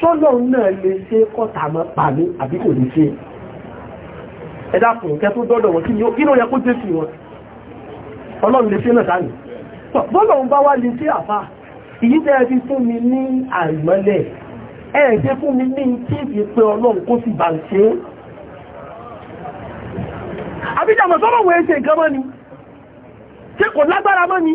Speaker 1: sọ́lọ̀ náà lè ṣe kọ́ta mọ́ pàmí àbí kò lè ṣe ẹ̀dá fún kẹ́ tó dọ́dọ̀ wọ́n kí ní ó yẹ kó jẹ́ sí wọn ọlọ́run lè ṣe náà sáàrì bọ́lọ̀ ń bá wá lè ṣe àfá ìyí tẹ́ fi fún mi ní àìmọ́lẹ̀ ẹ̀ ṣe fún mi ní tíìfì pé ọlọ́run kó sì bà ń ṣe àbíjàmọ̀ sọ́rọ̀ wọ́n ṣe nǹkan mọ́ ni ṣe kò lágbára mọ́ ni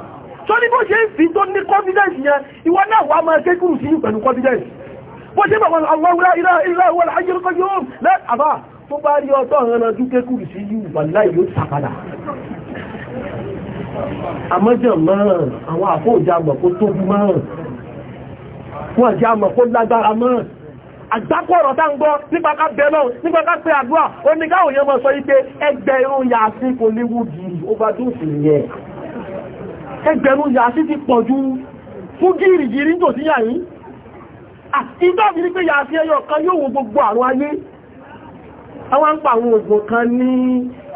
Speaker 1: tó ní bó ṣe ń fi tó ní confidence yẹn ìwọ náà wà máa ké kúrù sí pẹ̀lú confidence bó ṣe bàwọn àwọn ilá ilá ìwọ̀n ayérúkọ yóò lẹ́ àbá tó bá rí ọtọ́ ọ̀hánà tó ké kúrù sí yìí wàláì yóò sàpadà àmọ́jọ̀ márùn àwọn àfóòjà àmọ̀ kó tóbi márùn wọ́n jẹ́ àmọ̀ kó lágbára márùn àgbákò ọ̀rọ̀ tá ń gbọ́ nípa ká bẹ̀ lọ́wọ́ nípa ká pé àdúrà oníkáwòyẹ́ mọ́ sọ ipé ẹgbẹ̀rún yà sí kò léwu jù overdose yẹn ẹgbẹ̀rún yà sí ti pọ̀ ju fún gíìrì gíìrì tó sí yàyí ìgbàmí ní pé yà sí ẹyọ kan yóò wo gbogbo àrùn ayé àwọn ń pa àwọn ògùn kan ní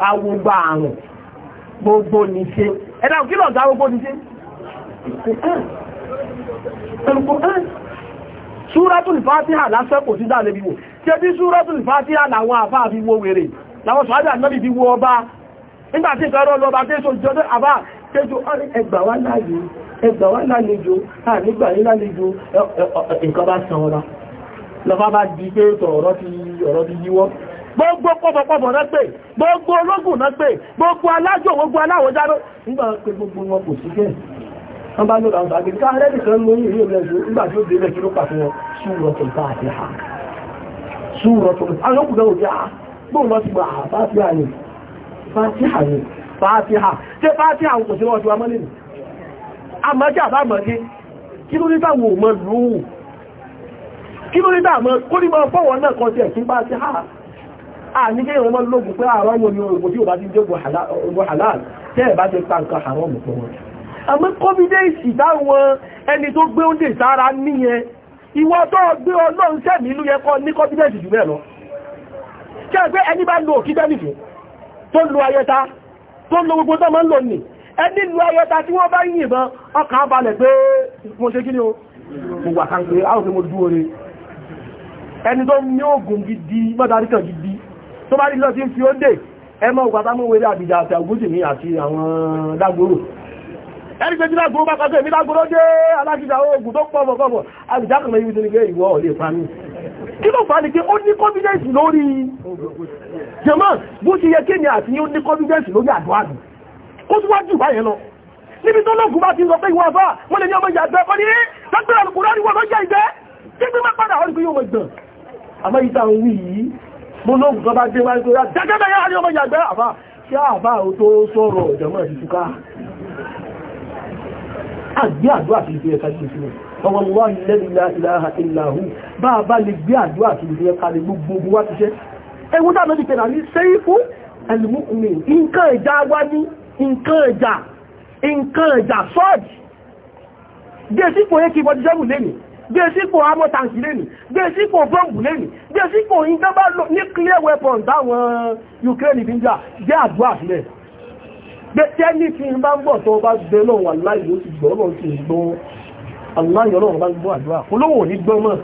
Speaker 1: àwògbà àrùn gbogbo nìṣe ẹ̀dà gbogbo nìṣe Súratul Fatiha lásán kò sí dáadé bíwò tí làwọn wo wèrè láwọn wo ọba nígbàtí ìfẹ́rọ lọ bá àbá tẹ́jọ ẹgbà wá láàyè ẹgbà wá lálejò ànígbà lálejò nǹkan san ọ̀rọ̀ lọ́fà bá di pé ọ̀rọ̀ ti yíwọ́ gbogbo pé gbogbo ológun náà pé gbogbo gbogbo nígbà gbogbo wọn kò sí wọ́n bá àgbẹ̀ká rẹ́dì kan ló yìí rẹ̀ nígbà tí ó dé ló wọn tó bá àti ha tó bá àwọn òkùnrin ah, òjá fàátíhà tí fàátíhà kò sí wọ́n ti wá mọ́lẹ̀ àmọ́jẹ́ àbámọ́jẹ́ kí ló nígbà wò kí ló ní mọ́ fọ́wọ́ mọ́ lóògùn pé àwọn ọmọ ìwọ̀n tó gbé ọlọ́run sẹ́mì ìlú yẹ kọ́ ní kọ́mídẹ́ìsì jù bẹ́ẹ̀ kí ẹgbẹ́ ẹni bá lo òkídẹ́ nìfẹ́ tó lo ayẹta tó ń lo gbogbo tó máa ń lò ní ẹni lu ayẹta tí wọ́n bá yìnbọn ọkàn balẹ̀ pé mo ṣe kí ni o mo wà kan pé áwọ̀ pé mo dúró re ẹni tó ní oògùn gidi mọ́tàrí kan gidi tó bá rí lọ sí fi ó dè ẹmọ ògbàtàmọ́wẹ́rẹ́ àbìjà àti àgúsì ní àti àwọn dágbòrò ẹni pé jílágbòrò bá kàgbé mi lágbòrò dé alágbìjà oògùn tó pọ̀ pọ̀pọ̀ àbìjà kan mẹ́rin tó ní pé ìwọ ò lè pa jẹmọ́ bó ṣe yẹ kéèyàn àti yóò ní confidence lórí àdúrà nù kó tún wá jù báyẹn lọ níbi tó lọ́gùn bá ti sọ pé ìwọ̀n àbá wọ́n lè ní ọmọ ìyàgbẹ́ ọ ní lágbẹ́rẹ̀ àlùkù lárí wọ́n lọ́jẹ́ ìgbẹ́ kí gbé má padà ọdún pé yóò mọ̀ ìgbọ̀n àmọ́ ìta ń wí yìí mo lọ́gùn kan bá dé wáyé tó yá jẹ́gẹ́gẹ́ yá ní ọmọ ìyàgbẹ́ àbá kí àbá ò a bá lè gbé ẹwú dáa lórí pẹ̀lú àrí sẹ́yìnfú ẹlùmí nǹkan ìjà wá ní nǹkan ìjà nǹkan ìjà sọ́ọ̀dì dé sípò ak forty seven lẹ́nu dé sípò amọ̀ tàǹkì lẹ́nu dé sípò bọ́ǹbù lẹ́nu dé sípò ìjọba nuclear weapon táwọn Ukraine fi ń jà jẹ́ àdúrà sílẹ̀ gbẹ́tẹ́ ní fi bá ń bọ̀ tó bá gbẹ́ náà wà láì ló ti gbọ́ náà ti gbọ́ aláyọ̀ náà bá ń gbọ́ àdúrà olówó ò ní gbọ́ mọ́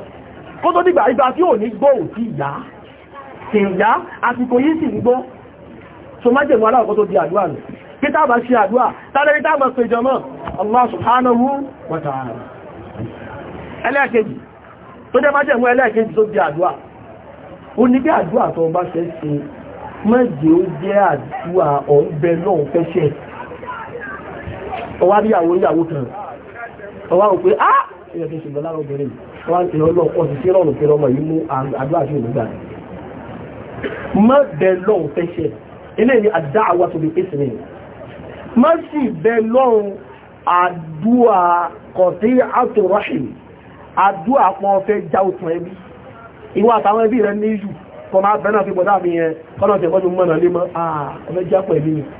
Speaker 1: kó tó dìgbà ìgbà tí ò ní gbọ́ òtí ìyá kì ń yá àsìkò yìí sì ń gbó so má jẹ̀mú aláwọ̀kọ́ tó di àdúrà nù kí tá bá ṣe àdúrà tálẹ́rí tá mọ̀ pé jọmọ́ Allah subhanahu wa ta'ala ẹlẹ́ẹ̀kejì tó jẹ́ má jẹ̀mú ẹlẹ́ẹ̀kejì tó di ah ìyẹ̀kẹ́ ṣùgbọ́n lára obìnrin wọ́n ti ọlọ́pọ̀ sí sí rọrùn pé ọmọ yìí mú àdúrà sí ìlú má bẹ lọ́hùn fẹ́ṣẹ̀ eléyìí àdáàwà tó bí ìsìnì má sì bẹ lọ́hùn àdúà kọ̀tí àtòrọ́ṣìn àdúà pọ̀ fẹ́ já òtún ẹbí ìwà àtàwọn ẹbí rẹ ní ìjù kọ máa bẹ́ẹ̀ náà fi bọ̀dá mi yẹn kọ́nà tẹ̀kọ́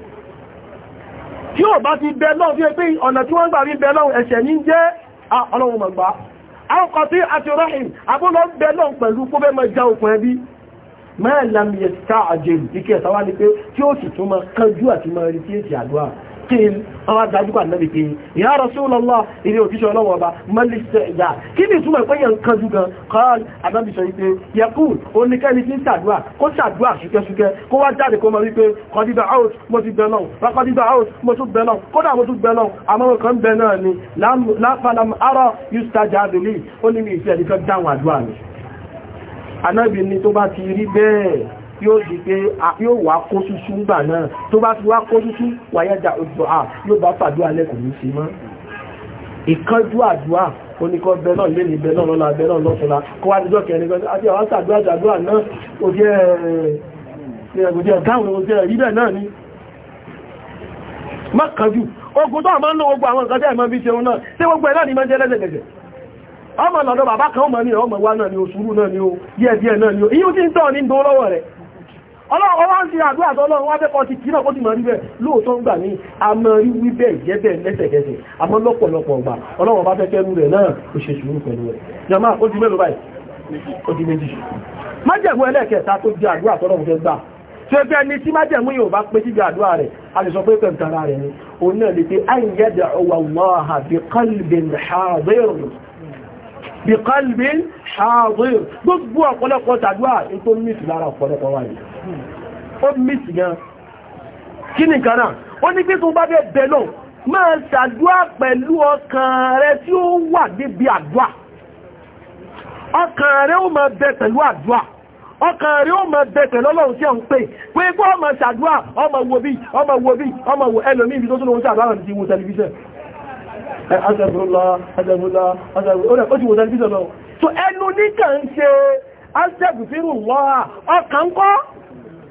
Speaker 1: tí ò bá ti bẹ lọ́wọ́ fi pé ọ̀nà tí wọ́n gbà rí bẹ lọ́wọ́ ẹ̀ṣẹ̀ ní jẹ́ ọlọ́run mọ̀gbá àwọ̀kọ̀ tí a ti rọ́hìn abúlọ́ bẹ lọ́wọ́ pẹ̀lú kó bẹ́ mọ já okùn ẹbí mẹ́ẹ̀lẹ́mìyẹ sáà jẹ́ ìdíkẹ́ sáwá ní pé tí ó sì tún mọ kánjú àti mọ rí tí èsì àdúrà kíl ọwá dájú pà lẹ́bí pé ya Rasulullah ilé òtíṣẹ́ ọlọ́wọ́ ọba mọ́lẹ́sẹ̀ ìjà kí ni ìtumọ̀ ìpẹ́yẹ nǹkan jù gan kọ́ọ̀lù àdábì sọ wípé yẹkùn oníkẹ́ni tí ń sàdúà kó sàdúà ṣùkẹ́ṣùkẹ́ kó wá jáde kó mọ wípé kọ́díbà out mo ti bẹ̀ náà wá kọ́díbà out mo tún bẹ̀ náà kódà mo tún bẹ̀ náà àmọ́ kan bẹ̀ náà ni láfàlám arọ yustajabu li ó ní mi ìfẹ́ nìkan dáhùn yóò di pé yóò wá kó súsú ńgbà náà tó bá ti wá kó súsú wáyájà òjò à yóò bá fàdúrà lẹ́kùn ní sí mọ́ ìkánjú àdúrà oníkọ́ bẹ́lọ̀ lé ní bẹ́lọ̀ lọ́la bẹ́lọ̀ lọ́tọ́lá kọ́ wá níjọ́ kẹrin gan àti àwọn àtàdúrà àdúrà náà ó jẹ́ ẹ̀ẹ́dẹ̀ gáwọn ó jẹ́ rí bẹ́ẹ̀ náà ni má kánjú ogun tó àmọ́ ń náà tí gbogbo ẹ̀ náà ni máa jẹ́ ọmọ lọ́dọ̀ bàbá kan mọ̀ ní ọmọ wa náà ni o sùúrù náà ni o díẹ̀díẹ̀ náà ni o iye tí ń tọ́ ní ń lọ́wọ́ rẹ̀ ọlọ́wọ́ wá ń ti àdúrà tọ́lọ́run wá tẹ́kọ̀ọ́ ti kìí náà kó ti mọ̀ rí bẹ́ẹ̀ lóòótọ́ ń gbà ní àmọ́ rí wí bẹ́ẹ̀ jẹ́ bẹ́ẹ̀ lẹ́sẹ̀kẹsẹ̀ àmọ́ lọ́pọ̀lọpọ̀ ọgbà ọlọ́wọ́ bá fẹ́kẹ́ rú rẹ̀ náà ó ṣe sùúrù pẹ̀lú rẹ̀ jama ó di mélòó báyìí ó di méjì májẹ̀mú ẹlẹ́ẹ̀kẹta tó di àdúrà tọ́lọ́run fẹ́ gbà tí ó bẹ́ẹ̀ ni tí májẹ̀mú yóò bá pé sí àdúrà rẹ̀ a lè sọ pé pẹ̀lú tara rẹ̀ ni òun náà lè pé àìyẹ́dẹ̀ ọwà wọ́ha bí qalbin hadirun bí qalbin hadirun gbogbo ọ̀pọ̀lọpọ̀ tàdúrà tó ní ìtìlára ọ̀pọ̀lọpọ̀ wáyìí ó mìtì gan kí ni kan náà ó ní pé tó bá bẹ́ bẹ̀ lọ máa ṣàdúà pẹ̀lú ọkàn rẹ tí ó wà níbi àdúà ọkàn rẹ ó máa bẹ pẹ̀lú àdúà ọkàn rí ó máa bẹ̀tẹ̀ lọ́lọ́run tí a ń pè pé kó ọmọ ṣàdúrà ọmọ wo bí ọmọ wo bí ọmọ wo ẹlòmí ibi tó tún lóun ṣàdúrà ti wo tẹlifíṣẹ̀ so ẹnu níkà ń ṣe asẹ́gùfírù lọ́ha ọkàn kọ́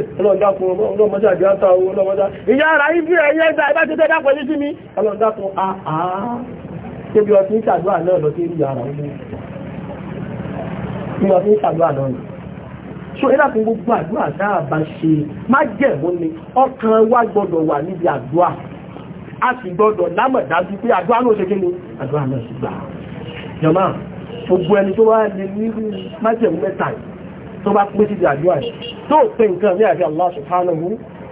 Speaker 1: ọlọ́ọ̀dákun ọlọ́mọdé so ẹ láti gbogbo àdúrà dáa ṣe má jẹ̀mú ni ọkàn wa gbọ́dọ̀ wà níbi àdúrà a sì gbọ́dọ̀ lámọ̀dájú pé àdúrà náà ṣe kí ni àdúrà náà ṣe gbà jọmọ́ gbogbo ẹni tó wá lè ní májẹ̀mú mẹ́ta yìí tó bá pín sí àdúrà tó pé nǹkan ní àti Allah subhanahu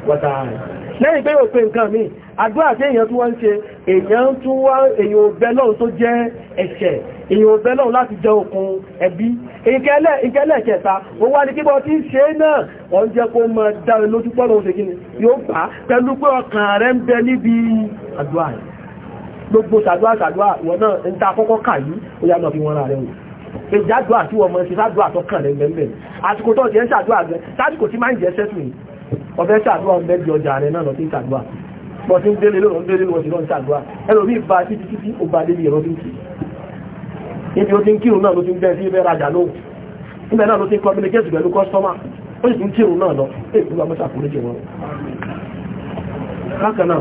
Speaker 1: wa ta'ala lẹ́yìn pé ó pé nǹkan mi àdúrà tí èyàn tó wá ń ṣe èyàn tó wá èyàn òbẹ́lọ́un tó jẹ́ ẹ̀ṣẹ̀ èyàn òbẹ́lọ́un láti jẹ okùn ẹbí ìkẹ́lẹ̀ kẹta ó wá ní kíbọ̀ tí ṣe náà wọ́n jẹ́ kó mọ̀ dáre lójú pọ́lọ̀ oṣù gíní yóò bá pẹ̀lú pé ọkàn rẹ̀ ń bẹ níbi àdúrà gbogbo sàdúrà sàdúrà wọ́n náà ń ta kọ́kọ́ kà yí ó yá ìjádùá tí wọ́n mọ̀ sí sádùá tó kàn lẹ́gbẹ̀ẹ́ àsìkò tó jẹ́ sádùá gẹ́ sásìkò tí máa ń jẹ́ sẹ́tù yìí ọ̀fẹ́ sádùá ọ̀bẹ́ di ọjà rẹ̀ náà lọ sí sádùá bọ́ tí ń délé lọ́rọ̀ ń délé lọ́rọ̀ sí lọ́rọ̀ sádùá ẹlòmí bá títí títí ó bá débi ẹ̀rọ bíi ibi ó ti ń kírun náà ló ti ń bẹ́ẹ̀ sí ibẹ̀ rajà lóhùn ibẹ̀ náà ló ti ń communicate pẹ̀lú kọ́sọ́mà ó sì ti ń kírun náà lọ èyí ló mọ́sà kúrò jẹ wọn. bákan náà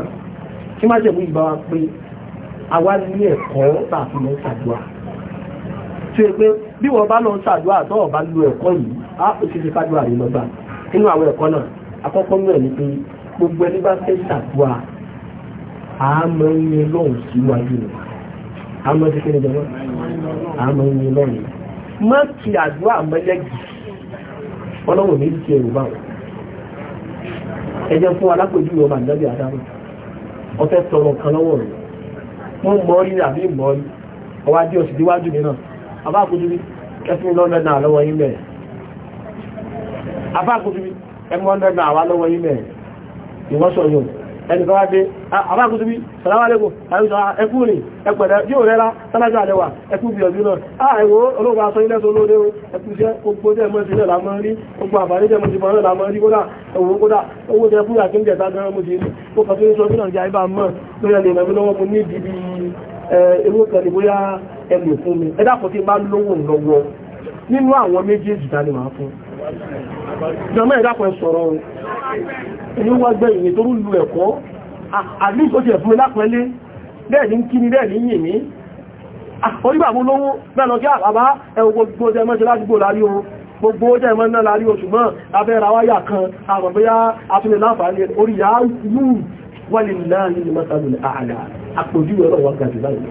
Speaker 1: tí má jẹ̀mú ìgbà tí ó pé bí wọ́n bá lọ ń ṣàdúrà tó ọ̀bá lu ẹ̀kọ́ yìí á ó ti fi kádùá rí lọ́gbà nínú àwọn ẹ̀kọ́ náà akọ́kọ́ mú ẹ̀ ní pé gbogbo ẹni bá fẹ́ ṣàdúrà àmọ́ ń yin lọ́hùn síwájú rẹ̀ àmọ́ ti kéde jọmọ́ àmọ́ ń yin lọ́hùn má kí àdúrà mọ́lẹ́gì ọlọ́run mi ti ẹ̀rù báwọn ẹ̀jẹ̀ fún alápòjú ọba ìdájọ́ àdámọ́ ọ̀fẹ́ tọrọ kan lọ́wọ́ rẹ̀ wọ́n mọ́ rí àbí mọ́ rí ọwájú ọ̀sìn díwájú mi náà àbá àkójúbí ẹfún lọ́ndẹ̀ náà lọ́wọ́ yín bẹ̀ àbá àkójúbí ẹmú lọ́ndẹ̀ náà wá lọ́wọ́ yín bẹ̀ ìwọ́sọ̀ yóò ẹni kan wá dé àbá àkójúbí sàlámàlẹ́kùn àyíṣà ẹkú rìn ẹpẹ̀lẹ̀ yóò rẹ́lá tánájà àlẹ́wà ẹkú gbìyànjú náà à ẹ̀wọ́ olóògbà sọ ilẹ̀ tó lóde o ẹkú iṣẹ́ gbogbo tẹ́ mọ́ sílẹ̀ lámọ́ rí gbogbo àbárí tẹ́ mọ́ sí mọ́ lámọ́ rí kódà ẹ̀wọ́ kódà owó tẹ́ fúra kí ń jẹta jẹ́ àìbá mọ́ lórí ẹlẹ́mẹ́mí lọ́wọ́ mo ni bóyá ẹgbẹ̀ fún mi ẹdàkùn tí bá lówó lọ́wọ́ nínú àwọn méjèèjì dání máa fún jọmọ́ ẹdàkùn sọ̀rọ̀ ẹni wọ́n gbẹ́ ìyẹn tó rúlu ẹ̀kọ́ àdínkòjì ẹ̀fún mi lápẹ́lẹ́ bẹ́ẹ̀ ní kí ni bẹ́ẹ̀ ní yìn mí orígbàmú lówó bẹ́ẹ̀lọ kí àbábá ẹwọ gbogbo ọjọ́ ẹmọ́ṣẹ́ ládùúgbò lárí o gbogbo ọjọ́ ẹmọ́ náà lárí o ṣùgbọ́n abẹ́ra wáyà kan àgbàbẹ́yà afúnlẹ̀ láǹfààní orí yàá yìí wọ́n lè láàrin mọ́sàlùmí ààlà àpòjú ẹ̀rọ wọ́n gàjù báyìí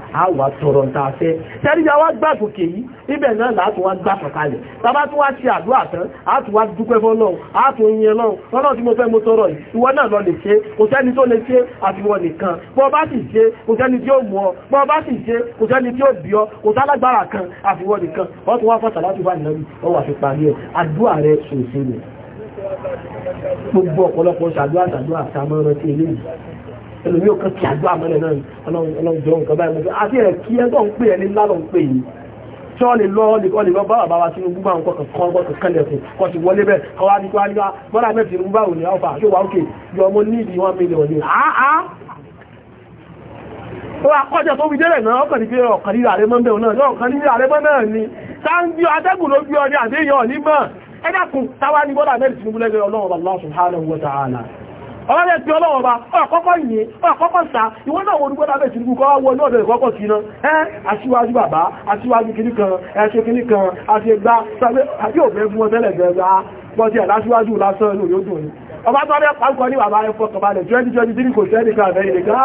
Speaker 1: a wà tọrọ ta fẹ́ tẹ́lifíà wá gbàgòkè yìí ibẹ̀ náà láti wá gbà sọ̀kalẹ̀ tàbá tún wá ṣe àdúrà tán a tún wá dúpẹ́ fọ́ náà a tún yin náà lọ́nà tí mo fẹ́ mo tọrọ yìí ìwọ náà lọ lè ṣe kò sẹ́ni tó lè ṣe àti wọn nìkan bọ́ bá sì ṣe kò sẹ́ni tí ó mú ọ bọ́ bá sì ṣe kò sẹ́ni tí ó bí ọ kò sálágbára kan àti wọn nìkan wọ́n tún wá fọ́tà láti wá nìlọ́bì wọ́n wà fi parí ẹ̀ àdúrà rẹ̀ ṣòṣèlú gbogbo ọ̀pọ̀lọpọ̀ ṣàdúrà ṣàdúrà ṣàmọ́ràn sí ẹlòmí ò kàn àjọ àmọ́lẹ̀ náà ọlọ́jọ́ nǹkan báyìí mọ́tò àti ẹ̀ kí ẹ náà pè ẹ ní ń pè yìí tí wọ́n lè lọ nìkan lè bá bàbá Tinubu bá nǹkan kan kọ́kọ́ kẹlẹ̀kùn kọ́ ti wọlé bẹ́ẹ̀ kọ́ ní kí wá ní wá Tinubu bá òní ọ̀fà yóò wá òkè yọ ọmọ nídìí wọn mílíọ̀n ní àá ó wá tó fi délẹ̀ náà ọkàn ní pé ọ̀kan nílẹ̀ àrẹ mọ́bẹ̀ náà ní ọ̀kan nílẹ̀ àrẹ náà ni sáńjú atẹ́gùn ló gbé ọ àdéyàn ní mọ́ ẹ dákun táwa ní bọ́lá mẹ́ Tinubu lẹ́gbẹ̀ẹ́ Ọlọ́run Allah subhanahu wa ta'ala ọba jẹ́ ti ọlọ́wọ́ bá ọ̀kọ́kọ́ yìí ọ̀kọ́kọ́ sá ìwọ́n náà wọ́n gbọ́dá bẹ̀ẹ̀ tìrìkú kọ́wọ́ wọ́n náà ìkọ́kọ́ sí iná ẹ́ aṣíwájú bàbá aṣíwájú kìní kan ẹṣẹ́ kìní kan àti ẹgbá sáré àbí òfẹ́ fún ọtẹ́lẹ̀ gẹ̀ẹ́gbá pọ́tí ẹ̀ láṣíwájú lásán lórí ó dùn ní ọba tó rẹ̀ pàápọ̀ ní bàbá ẹ̀fọ́ kọbalẹ̀ 2023 kò tẹ́lẹ̀ kan àbẹ́ ìrẹ̀ká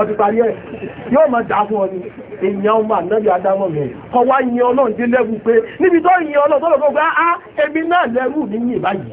Speaker 1: ọdún parí ẹ̀ yóò mọ̀ dá fún ọ ní èèyàn ọmọ ànábì adámọ̀ mẹ́ kọ wá yin ọlọ́run dé lẹ́rù pé níbi tó yin ọlọ́run tó lọ́gbọ́gbọ́ á ẹbí náà lẹ́rù ní yìnbá yìí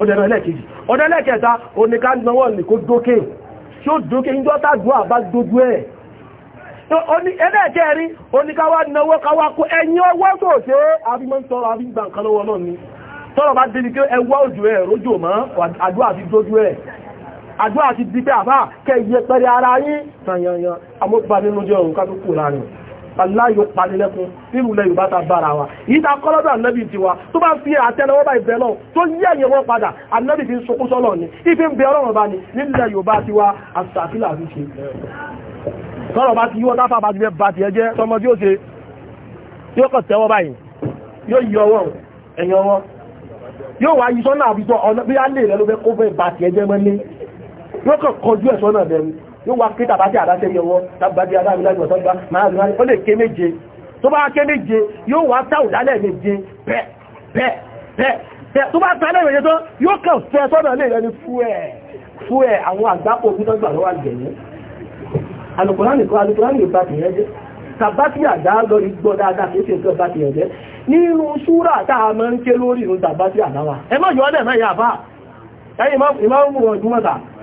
Speaker 1: ọdẹ̀rẹ̀ ẹlẹ́kejì ọdẹ̀ ẹlẹ́kẹta oníká náwọ́ ní kó dókè tí ó dókè níjọ́ tàdúwà bá dójú ẹ̀ ẹlẹ́kẹrin oníkáwà náwọ́ káwà kó ẹ̀yìn ọwọ́ tó ṣe àfimọ́ tọrọ àfígbà nǹkan lọ́wọ́ náà ni tọrọ bá débi pé ẹwọ́ òjò ẹ̀ rójò mọ́ àdúrà àti dójú ẹ̀ àdúrà aláyò panilẹ́kun nírúlẹ̀ yorùbá ta bára wa ìta kọ́lọ́dọ̀ ànábì tiwa tó bá fi àtẹnawọ́ bá ìbẹ̀ náà tó yí ẹ̀yẹ wọn padà ànábì ti ń sokún sọ́lọ̀ ni ife ń bẹ ọlọ́run bá ni nílẹ̀ yorùbá tiwa àṣàfilà fi ṣe tọ́rọ̀ bá ti yíwọ́ táfà bá ti bẹ bá ti ẹ jẹ́ tọmọ tí ó ṣe yóò kàn tẹ́wọ́ báyìí yóò yí ọwọ́ ẹ̀yìn ọwọ́ yóò wá yí sọ́nà àbíjọ ọ̀nà bí á lè rẹ ló fẹ́ kó fẹ́ bá ti ẹ jẹ́ mọ́lé yóò kàn kọjú ẹ̀ sọ́nà bẹ̀rù yóò wá kí tàbátí bá ké méje yóò wá tá nínú táa mọ́ ń ké lórí ìrùn tàbátí àdáwà fà ẹ̀yìn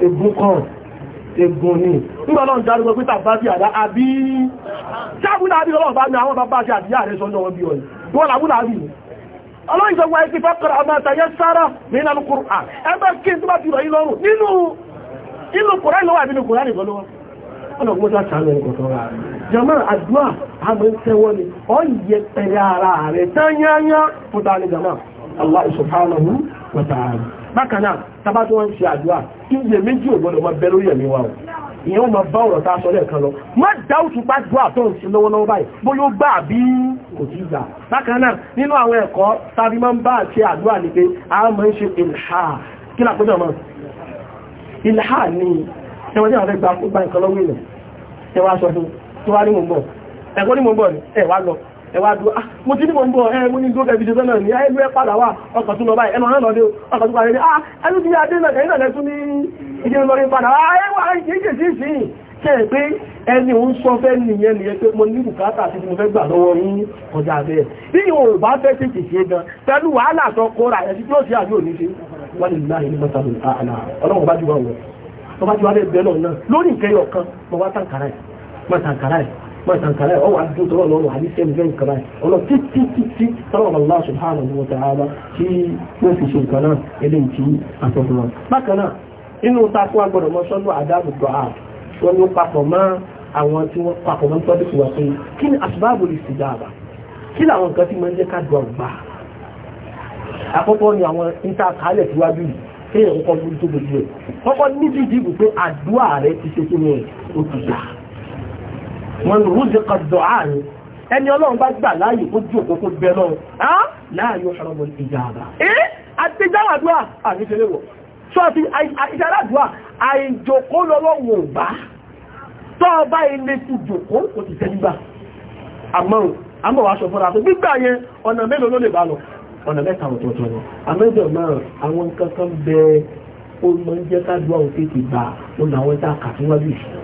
Speaker 1: egun kan egun ni nígbàlọ́ ìdárúgbọ́ pé tàbá bí àdá àbí sáàbùnà bí ọlọ́ọ̀bá ní àwọn bàbá àti àdíyà rẹ̀ sọ́jọ́ wọn bí ọ̀yí wọ́n làbúnà bí ọlọ́yìn sọ wáyé pípẹ́ kọ́ra ọmọ àtàyẹ sára nínú alukuru à ẹgbẹ́ kí n tó bá ti rọ̀ yín lọ́rùn nínú inú kùrá ìlọ́wọ́ àbínú kùrá nìkan lọ́wọ́ ọlọ́gbọ́n tó àtàlẹ̀ ẹ̀kọ́ tó rà bákanáà tàbá tó wọ́n ń ṣe àdúrà ìjẹ méjì ò gbọ́dọ̀ máa bẹ ẹ̀mí wa ìyẹn ó máa bá ọ̀rọ̀ tá a sọ lẹ́ẹ̀kan lọ má dáútù bá dúà tó ń ṣe lọ́wọ́lọ́wọ́ báyìí bó yóò gbà bí kò tí gbà bákanáà nínú àwọn ẹ̀kọ́ tàbí máa ń bá àti àdúrà ní pé a máa ń ṣe ìlhà kí lápẹ́jọ mọ́ ìlhà ẹwà dúró ah, mo ti ní mo ń bọ̀ ẹ mo ní dúró kẹfì jẹsẹ́ náà ní ẹlú ẹ padà wà ọkàn tún lọ báyìí ẹnu náà lọ dé ọkàn tún parí ní ah ẹlú ti adé náà ẹ̀yìn náà tún ní ìdí lọrin padà wà ah, ẹwà kìí ṣe sí sí ṣe é pé ẹni òun sọ fẹ́ nìyẹn nìyẹn pé mo ní bùkátà àti mo fẹ́ gbà lọ́wọ́ ní ọjà bẹ́ẹ̀ bí yóò bá fẹ́ tètè ṣe gan pẹ̀lú wàhálà tó kóra ẹ̀ sí tí ó ṣe àbí òní ṣe wọ́n lè láàyè ní mọ́tàlù àlà ọlọ́run bá jù wá wọ̀ ọba jù wá bẹ́ẹ̀ bẹ́ẹ̀ náà lórí nǹkan ẹyọ kan mo wá tàǹkàrà ẹ̀ mọ́tàǹkàrà máa tàǹkàrà ẹ̀ ọwọ́ àdúgbò tọ́lọ́ lọ́rùn àdíṣe ẹgbẹ́ nǹkan báyìí ọlọ́ títí títí tọ́lọ́ Allah subhanahu wa ta'ala tí ó fi ṣe nǹkan náà eléyìí tí a sọ fún wọn. bákan náà inú takú agbọ́dọ̀ mọ sọ́nù àdáàbò tó a wọn ló papọ̀ mọ́ àwọn tí wọ́n papọ̀ mọ́ tọ́jú sí wa pé kí ni asbabul istijaba kí làwọn nǹkan tí mo ń jẹ́ ká dùn àgbà àkọ́kọ́ ni àwọn níta kálẹ̀ síwájú yìí kéèyàn kọ́kọ́ lójú ti ṣe kí ni ti gbà wọn rúzi kan dọ̀á ni ẹni ọlọ́run bá gbà láàyè kó jù òkú kó bẹ lọ́run láàyè ọ̀ṣọ́rọ̀mọ̀ ìjàmbá ẹ́ àtijọ́wàdúrà àríṣẹ́lẹ̀wọ̀ tó àti ìjàràdúrà àìjòkó lọ́lọ́wọ̀ bá tọ́ ọba ilé ti jòkó kò ti tẹ́lígbà àmọ́ wàá sọ fọ́nà àti gbígbà yẹn ọ̀nà mélòó ló lè bá lọ ọ̀nà mẹ́ta ọ̀tọ̀ọ̀tọ̀ ni àmẹ́jọ̀ náà àwọn kankan bẹ ó mọ́ jẹ́ ká dúà òtítì gbà ó làwọn tá a kà fún wájú ìṣẹ́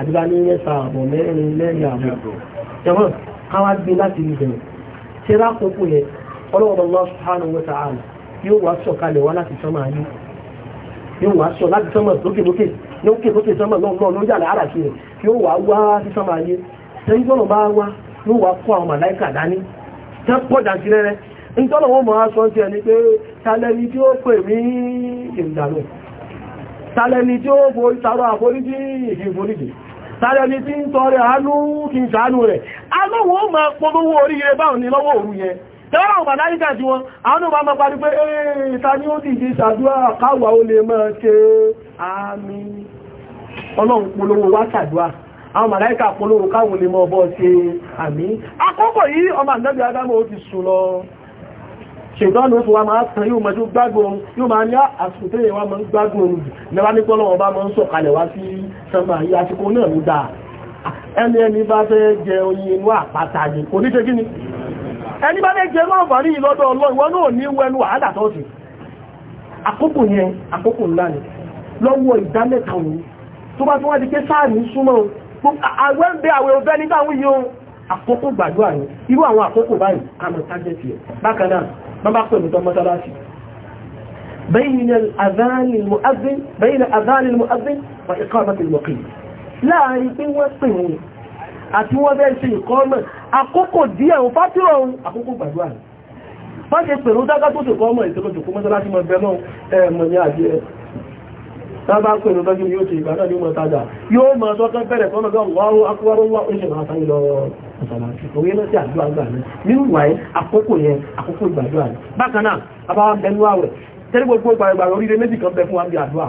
Speaker 1: àdúgbà ní mẹ́fà abụọ, mẹ́rin mẹ́rin àbọ̀ jẹ́mọ́ káwá gbé láti rí bẹ̀rẹ̀ ṣe rá kókó yẹ ọlọ́wọ́ Allah subhanahu wa ta'ala yóò wá sọ kalẹ̀ wá láti sọ́mọ̀ ayé yóò wá sọ láti lórí àlẹ́ ara ṣe rẹ̀ yóò wá wá sí sọ́mọ̀ ayé tẹ́yí bá wá yóò wá kó àwọn màláìkà dání tẹ́ pọ̀ rẹ̀ mọ̀ á sọ ẹni pé tí ó pè tàlẹni tí ó borí tàrọ àforíjì ìfì ìforíjì tàlẹni tí ń tọrẹ àánú kí n ṣàánú rẹ̀ alóhun ó máa polówó oríire báwọn ni lọ́wọ́ òru yẹn tẹ́wọ́n àwọn màdáríkà tí wọn àwọn ọmọ ọmọ parí pé ni ó dìde ṣèdánù fún wa máa tàn yóò mẹ́jú gbágbóhun yóò máa ní ah, àsìkòtẹ́yẹ wa máa ń gbágbóhun mẹ́wá ní pọ́lọ́wọ́ bá máa ń sọ̀kalẹ̀ wá sí sánmà yí àsìkò náà ló dáa ẹni ẹni bá fẹ́ jẹ oyin inú àpáta ni kò ní ṣe kí ni ẹni bá fẹ́ jẹ láǹfààní ìlọ́dọ̀ ọlọ́run wọn ni lọ́wọ́ ìdámẹ́ta òun tó bá tí wọ́n di bọ́n bá pè mí tán mọ́sálásí بين الأذان المؤذن بين أذان المؤذن وإقامة الوقيم láàrin pé wọ́n pè wọ́n àti wọ́n bẹ́ẹ̀ ṣe ìkọ́mọ̀ àkókò díẹ̀ òun fátírọ̀ òun àkókò gbàdúrà rẹ̀ wọ́n ṣe pèrò dágá tó ṣe kọ́mọ̀ ìṣẹ́lẹ̀ òjòkó mọ́sálásí mọ́ bẹ́ẹ̀ náà ẹ̀mọ̀ ní àjẹ́ tábà pèrò dágá yóò ṣe ìgbà náà ní mọ́ tájà yóò mọ́ sọ́kàn bẹ̀rẹ̀ kọ́mọ̀ òye ló sí àdúrà gbà náà nínú ìwà yẹn àkókò yẹn àkókò ìgbàdúrà yẹn bákan náà abáwá bẹnu àwẹ̀ tẹ́lẹ̀ gbogbo ìgbàgbà oríire méjì kan bẹ fún wa bí àdúrà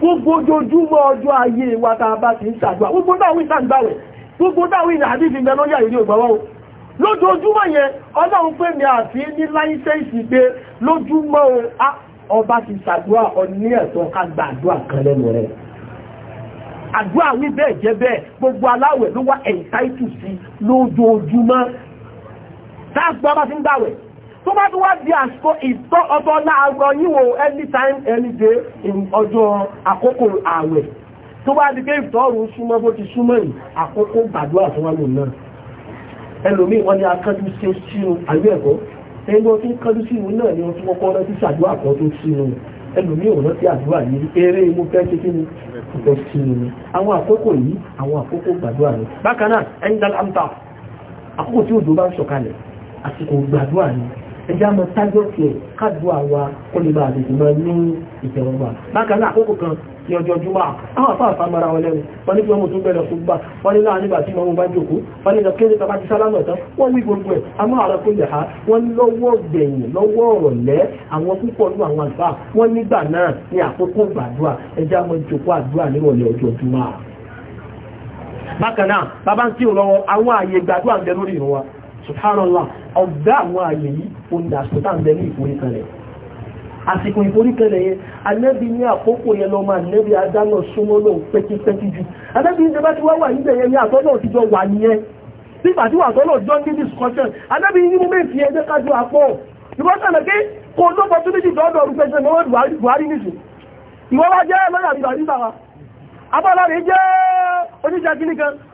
Speaker 1: gbogbo ojoojúmọ́ ọjọ́ ayé wa tá a bá ti ń ṣàdúrà gbogbo dáwìn tá ń gbàwẹ̀ gbogbo dáwìn àdífi mẹ́nu yà ìrí ògbàwọ́ lójoojúmọ́ yẹn ọlọ́run pé mi àti ní láìsẹ́ǹsì pé lójúmọ́ ọba ti ṣàdúrà ọ ní ẹ̀tọ́ ká gbàdúrà kan lẹ́nu rẹ̀ àdúrà ní bẹ́ẹ̀ jẹ́ bẹ́ẹ̀ gbogbo aláwẹ̀ ló wá ẹ̀ǹtáìtù sí lójoojúmọ́ táàgbọ́ bá ti ń dáwẹ̀ tó bá tó wá di àsìkò ìtọ́ ọ̀tọ̀ láàárọ̀ yíwo anytime any day in ọjọ́ àkókò ààwẹ̀ tó bá di pé ìtọ́rù súnmọ́ bó ti súnmọ́ yìí àkókò gbàdúrà fún wọn náà ẹlòmíì wọn ni akẹ́jú ṣe sínú àyẹ̀kọ́ ẹni wọn tún kẹ́jú sínú náà ni wọn tún kọ́kọ́ rántí ṣàdúrà kan tó sínú ẹlòmí ò rántí àdúrà yìí eré imú fẹ́ ṣe kí ni ìfẹ́ sí ni àwọn àkókò yìí àwọn àkókò gbàdúrà ni bákan náà ẹ̀ńdàlámta àkókò tí òjò bá ń sọ̀kalẹ̀ àsìkò gbàdúrà ni ẹjá mọ tágọ́tì ẹ̀ kájú àwa kó lè bá àdìsí mọ ní ìjọba bákan náà àkókò kan ní ọjọ́ jùmọ́ àwọn àfáàfà mara wọn lẹ́nu wọ́n ní kí wọ́n mú tún bẹ̀rẹ̀ fún gbà wọ́n ní láàrin ìgbà tí wọ́n bá jókòó wọ́n ní lọ kéré tàbá ti sálámọ̀ tán wọ́n wí gbogbo ẹ̀ àmọ́ ààrẹ kò yẹ̀ ha wọ́n lọ́wọ́ gbẹ̀yìn lọ́wọ́ ọ̀rọ̀lẹ́ àwọn púpọ̀ ní àwọn àgbà wọ́n nígbà náà ní àkókò gbàdúrà ẹjá mọ jókòó àdúrà nírọ̀lẹ́ ọjọ́ jùmọ́ bákan náà bàbá ń kírun lọ́wọ́ àwọn àyè gbàdúrà ń bẹ lórí ìrún wa subhanallah ọ̀gá àwọn ààyè yìí onídàásítà ń bẹ ní ìforíkanlẹ̀ àsìkò ìforíkanlẹ̀ yẹn anẹ́bí ní àkókò yẹn lọ máa nẹ́bí adáná súnmọ́ lóun pẹ́kípẹ́kí jù anẹ́bí ní bá ti wá wà níbẹ̀ yẹn ní àtọ́nà òtijọ́ wà nìyẹn nígbà tí wà tọ́nà òtijọ́ ní discussion anẹ́bí ní mo méjì ẹ̀ dẹ́kájú àpọ̀ ìwọ́sàn pé kò ló bọ́ tó méjì dọ́ọ̀dọ̀ ọdún pẹ́sẹ̀ mọ́ Buhari nìsù ìwọ́wá jẹ́ lọ́yà bíbà nígbà wa jẹ́ oníṣẹ́ kíníkan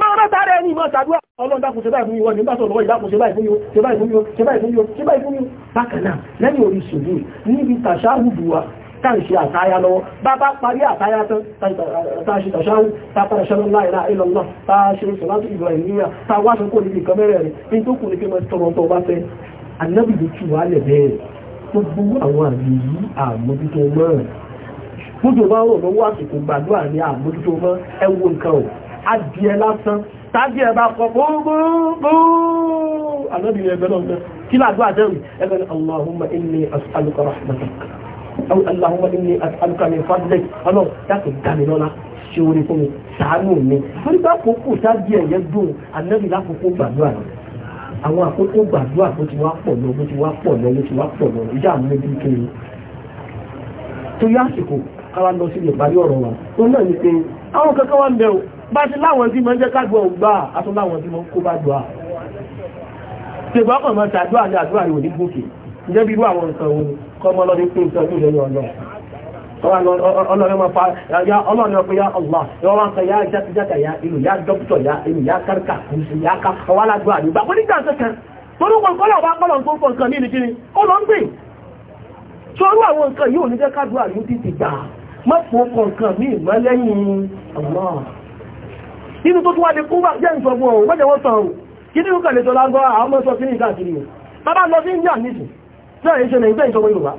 Speaker 1: máa rán tààrẹ ẹni ìmọ̀ tàbí ọlọ́run dákun ṣe báyìí fún yíwọ́ nígbàtọ̀ lọ́wọ́ ìdákun ṣe báyìí fún yíó ṣe báyìí fún yíó ṣe báyìí fún yíó ṣe báyìí fún yíó bákanáà lẹ́yìn orí ṣùgbù níbi tàṣáhùdù wa káàṣì àtáyá lọ́wọ́ bá bá parí àtáyá tán tàṣì tàṣáhù tàpàdà ṣẹlọ láìlá ìlọ́lọ́ tàṣì ìṣòlátù ìlọ ìníyà tàwáṣọ kò níbi kan mẹ́rẹ̀ rẹ̀ ní tó kù ní pé mọ́ tọrọ tó bá fẹ́ anábìlú tù wá lẹ̀ bẹ́ẹ̀ gbogbo àwọn àmì yìí àmójútó mọ́ gbogbo bá rọ̀ lọ́wọ́ àsìkò gbàdúrà ní àmójútó mọ́ ẹ wo nǹkan o adìẹ lásán tàbí ẹ̀bá kọ gbogbogbò ànábì ẹgbẹ́ náà kí láàdó àdẹ́rù ẹgbẹ́ ni Allahumma inni as'aluka rahmatak aw Allahumma inni as'aluka min fadlik ọlọ́ yàtọ̀ dámi lọ́la ṣe orí fún mi ṣàánú mi wọ́n bá kókó tàbí ẹ̀yẹ dùn ànábì lákòókò gbàdúrà rẹ̀ àwọn àkókò gbàdúrà bó ti wá pọ̀ lọ ti wá pọ̀ lọ ti wá pọ̀ lọ ìjà mú ojú ni pé àwọn kankan bá ti láwọn tí mọ́ jẹ́ kágbọ́ ògbà àtún láwọn tí mọ́ kó bá dùá ṣègbọ́ ọkàn mọ́ tàdúà ní àdúrà yóò ní gòkè jẹ́ bí irú àwọn nǹkan òun kọmọ lọ́dún pé nǹkan ní ìrẹ́lẹ̀ ọlọ́ ọlọ́run ọkọ̀ ya Allah ọwọ́ nǹkan ya jákèjáka ya ìlú ya dókítọ̀ ya ìlú ya kárkà kùsù ya ká ọwọ́ aládùá ní ìgbà pọ́nígbà kankan torúkọ kọ́lọ̀ ọba kọ́lọ̀ tó pọ̀ nǹkan ní ìrìnkiri ó lọ ń gbìn torú àwọn nǹkan yóò ní jẹ́ kádùá yóò títì gbà mọ́pọ̀ nǹkan ní ìmọ́lẹ́yìn Allah nínú tó tún wá lè kúrò jẹ́ ìṣọ́gbọ́ ọ̀rùn mẹ́jẹ̀ wọ́n sọ ọ̀rùn kí ní kàlẹ̀ tó lágbọ́ àwọn ọmọ sọ sí ní ìdáàkiri rẹ̀ bàbá lọ sí india nìsù tí ó ṣe nàìjíríà ìjọba yorùbá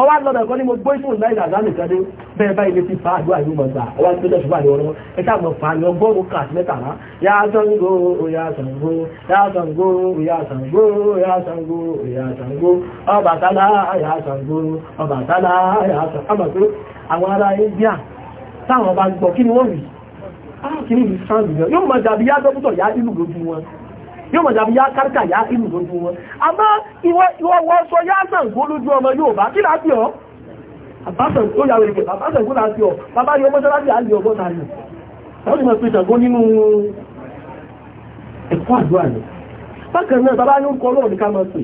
Speaker 1: ọwá lọ́dọ̀ ẹ̀kọ́ ní mo gbé ìṣòro láì làzámi kẹ́dé bẹ́ẹ̀ báyìí lè ti fa àdúrà ìlú mọ̀ta ọwá tó jẹ́ ṣùgbà lọ́rọ́ ẹ̀ta àmọ̀ fa àyàn gbọ́rùn kàt mẹ́tàlá yá Ṣàngó oyá Ṣàngó yá Ṣàngó oyá Ṣàngó oyá Ṣàngó oyá Ṣàngó Ọbàtálá ayá Ṣàngó Ọbàtálá ayá Ṣàngó àwọn ará india táwọn bá gbọ́ kí ni wọ́n rí kìí ní sáàdì náà yóò mọ̀ dàbí yá dókítọ̀ yá ìlú lójú wọn yóò mọ̀ dàbí yá kárìkà yá ìlú lójú wọn àmọ́ ìwọ sọ yá Ṣàngó lójú ọmọ yóò bá kí láti ọ àbáṣàngó yàwó ìgbè àbáṣàngó láti ọ bàbá yóò mọ́ sálábì àlè ọgbọ́n ta ni wọ́n ti mọ̀ pé Ṣàngó nínú ẹ̀kọ́ àdúrà ni bákan náà bàbá yóò kọ́ lọ́ọ̀ ní ká mọ̀ pé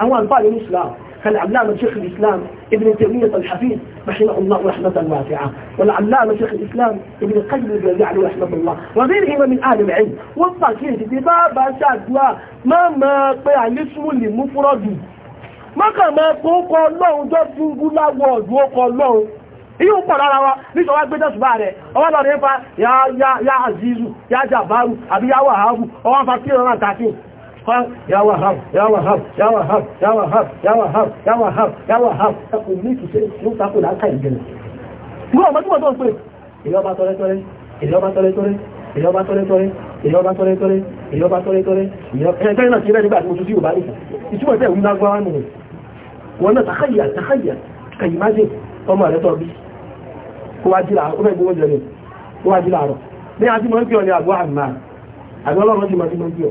Speaker 1: àwọn àlùfáà nínú Islam kan àbúlà mọ̀ Sheikh Islam Ibn Taymiyyah al-Hafiz رحمه الله رحمة واسعة والعلامة شيخ الإسلام ابن القيم الجزعي رحمه الله وغيرهما من أهل العلم والطاكين في بابا لا ما ما قيع الاسم المفرد ما كان ما قوق الله ده سنجولا وورد وقوق الله yíò pọ̀ lára wa nítorí wá gbé tẹ́sùbá rẹ̀ ọwá lọ rí يا ya azizu يا jabaru àbí ya wahabu ọwá fa kí ọ̀rọ̀ قال يا وهاب يا وهاب يا وهاب يا وهاب يا وهاب يا وهاب يا وهاب تقول لي تسير شو تقول عنك الجنة ما ما ما تقول فيه إذا ما تقول تقول إذا ما تقول تقول إذا ما تقول تقول إذا ما تقول تقول إذا ما تقول تقول إذا كان الناس يبغى يبغى يمشي يبغى يمشي يشوف هذا من أقوى وأنا تخيل تخيل كلمات ọmọ rẹ̀ tọ́bí kó wá jílà ọmọ ìgbówó jẹ́ ní kó wá jílà rọ̀ ní àti mọ́ ń pí ọ ní àgbọ́ àmà àgbọ́lọ́rọ̀ ti mọ́ sí mọ́ ń pí ọ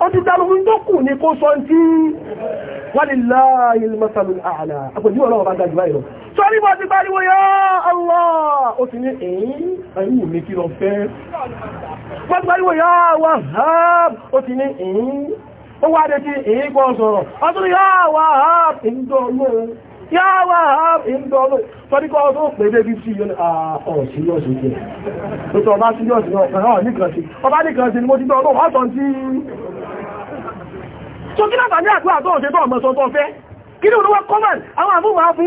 Speaker 1: ó ti dálógún tó kù ní kó sọ tí walillahil masalul a'la àpòjú ọlọ́wọ́ bá dájú báyìí lọ sọ́rí bọ́ ti pariwo ya Allah ó ti ní ẹ̀yìn ẹ̀yìn mi kí lọ fẹ́ bọ́ ti pariwo ya Wahhab ó ti ní ẹ̀yìn ó wá yá wà á ìgbọ́ ọdún tọ́díkọ́ ọdún pè débi sí ọ̀ọ̀ síríọ̀sì jẹ́ tó tọ́ ọba síríọ̀sì ọ̀pẹ̀rán nìkan sí ọba nìkan sí ni mo ti gbọ́ ọdún ọ̀tọ̀ tí tó kí náà tàbí àdúrà tó ṣe tó ọmọ sọ tó fẹ́ kí ní olówó kọ́mọ̀n àwọn àmúhùn àwọn fún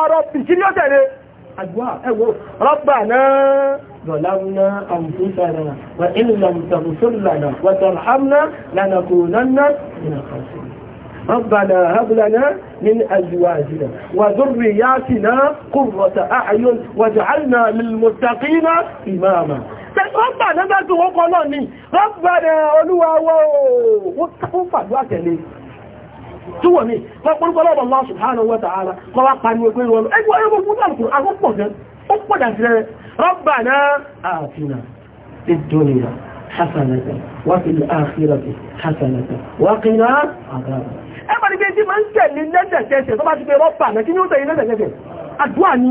Speaker 1: ìlàdùá wọ́n àdúwà ẹwọ́ rọ́bàná ظلمنا وإن لم تغفر لنا وترحمنا ربنا هب لنا من أزواجنا وذرياتنا قرة أعين واجعلنا للمتقين إماما ربنا ذات وقلاني ربنا أولوا وقفوا فدوات ليه tí wọ́n ní wọ́n pọ́n pọ́n lọ́wọ́ Allah subhanahu wa ta'ala kọ́ wá pariwo pé wọn ẹgbẹ́ ọmọ fún láàrùn àwọn pọ̀ gan ó pọ̀ dà sí rẹ̀ Rabbana atina fid dunya hasanatan wa fil akhirati hasanatan wa qina
Speaker 2: adhaban
Speaker 1: ẹgbẹ́ ni bí i ti máa ń tẹ̀lé lẹ́sẹ̀kẹsẹ̀ tó bá ti pé rọ́bà náà kí ni ó tẹ̀lé lẹ́sẹ̀kẹsẹ̀ àdúrà ni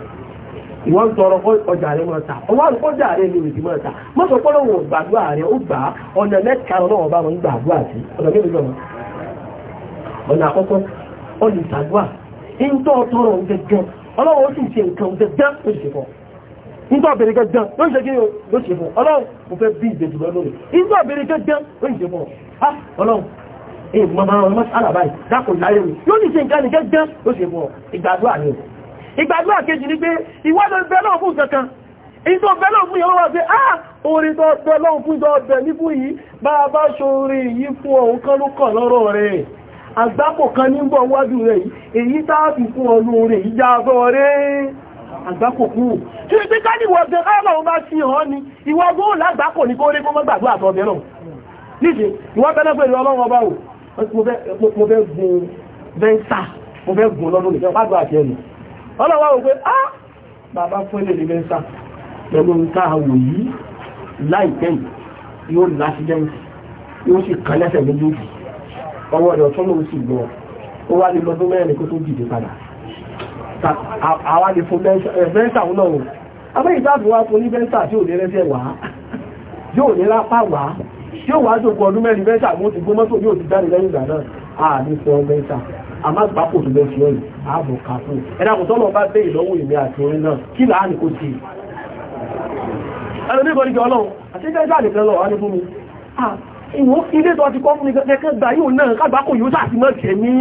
Speaker 1: ìwọ́n ń tọrọ ọjà rẹ̀ máa ta ọwọ́ àrùn rẹ̀ ni òdì máa ta mọ́tò pọ́nrọ́ wọn gbàdúrà ó gbà ọ̀nà mẹ́ta ọlọ́wọ́ bá wọn gbàdúrà sí ọ̀nà mẹ́rin ọ̀nà àkọ́kọ́ ọ̀lùtàdúrà ń tọ́ tọrọ gẹ́gẹ́ ọlọ́wọ́ ó sì ṣe nǹkan gẹ́gẹ́ ó sì fọ́ nígbà bèrè gẹ́gẹ́ ló ìgbàdúrà kejì ní pé ìwádọ̀ bẹ́lọ̀ fún kankan ìjọ bẹ́lọ̀ fún ìyọ́wọ́ pé ah orin tó bẹ́lọ̀ fún ìjọ bẹ̀ ní fún yìí bá a bá ṣorí yìí fún ọ̀hún kan ló kàn lọ́rọ̀ rẹ̀ àgbápò kan ní bọ̀ wájú rẹ̀ èyí táàbì fún ọlú rẹ̀ ìjà bọ́ rẹ̀ àgbákò kú tí ó pé ká ní ìwọ̀n gan ọlọ́run bá sí ọ̀hán ni ìwọ̀n góòlù lágbàkò ní kó rí mọ́ mọ́gbàgbà àtọ́bẹ̀ náà níṣe ìwọ̀n bẹ́lẹ̀ pẹ̀lú ọlọ́run ọba ò mo fẹ́ gun bẹ́ńsà mo fẹ́ gun lọ́dún nìkan bá gbà àti ẹnu ọlọ́wà òpé á ah! bàbá fún ilé mẹ́sà pẹ̀lú nǹkan àwò yìí láìpẹ́ yóò lásìdẹ́ǹtì yóò sì kan lẹ́sẹ̀ méjèèjì ọwọ́ rẹ̀ ọ̀tún lóò sì gbọ́ ó wá lè lọ́dún mẹ́rin kó tó dìde padà àwa lè fún mẹ́sà ń lọ́rùn abẹ́ ìdáàbò wa fún ní mẹ́sà tí ò ní rẹ́sẹ̀ wá yóò ní lápá wá yóò wá jókòó ọdún mẹ́rin mẹ́sà mo ti gbọ́ mọ́tò yóò ti jáde lẹ́yìn ìgbà náà àà ní àmàgbápò tó bẹ́ fi ọ́ yìí ààbò kà fún ẹ̀dá kò tọ́lọ̀ bá bẹ́ ìlọ́wọ́ ìmẹ́ àti orin náà kí làá ní kò sí ẹ̀rọ ní ìbọ̀lì ọlọ́run àti ẹgbẹ́ ìjà nìkan lọ wà ní fún mi ìwọ̀n ilé tó ti kọ́ fún mi kẹ́kẹ́ gbà yóò náà kágbákò yóò sáà ti mọ́ jẹ ní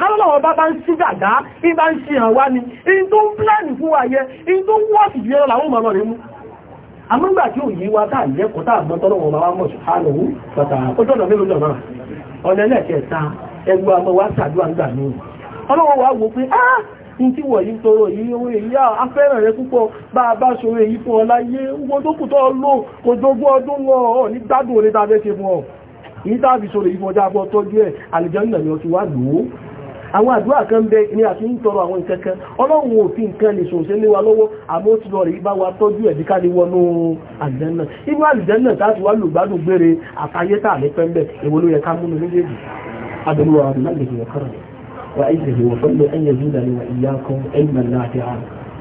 Speaker 1: kálọ́lọ́wọ́ bá bá ń sí gàgá ní bá ń ṣe hàn wá ni in tó ń pláàni fún wa yẹ in tó ń wọ́ọ̀sì jù ẹran làwọn ọmọ rẹ̀ mú àmúgbà tí ò yí wa táà lẹ́kọ̀ọ́ táà mọ́ tọ́lọ́wọ́ bá wá mọ̀ ṣùgbọ́n ọjọ́ ọ̀nà mélòó náà ọ̀nà ẹlẹ́kẹ̀ẹ́ta ẹgbẹ́ àmọ́ wá sàdúrà nígbà míì ọlọ́wọ́ wá wò pé ah ní tí wọ̀nyí tọrọ yìí owó èyí afẹ́ràn rẹ púpọ̀ bá a bá ṣòro èyí fún ọlá yé owó tó kù tọ́ lò kò jogún ọdún wọn ọ ní gbádùn orí tàbí ṣe fún ọ yìí tàbí ṣòro èyí fún ọjà bọ́ tọ́jú ẹ̀ àlejò nígbà ni ọ ti wá lò ó àwọn àdúrà kan bẹ ní àti ń tọrọ àwọn nǹkan kan ọlọ́run òfin nǹkan lè ṣòṣe lé wa lọ́wọ́ àmọ́ ó ti lọ rẹ̀ bá wa tọ́jú ẹ̀dí ká lè wọnú àlìjẹ́nà inú àlìjẹ́nà táti wá lùgbádùn gbére àtayétà ní pẹ́ńbẹ̀ èwo ló yẹ ká múnu méjèèjì أدعو من مله وكرمه وأجره وفضله أن يزيدني وإياكم علما نافعا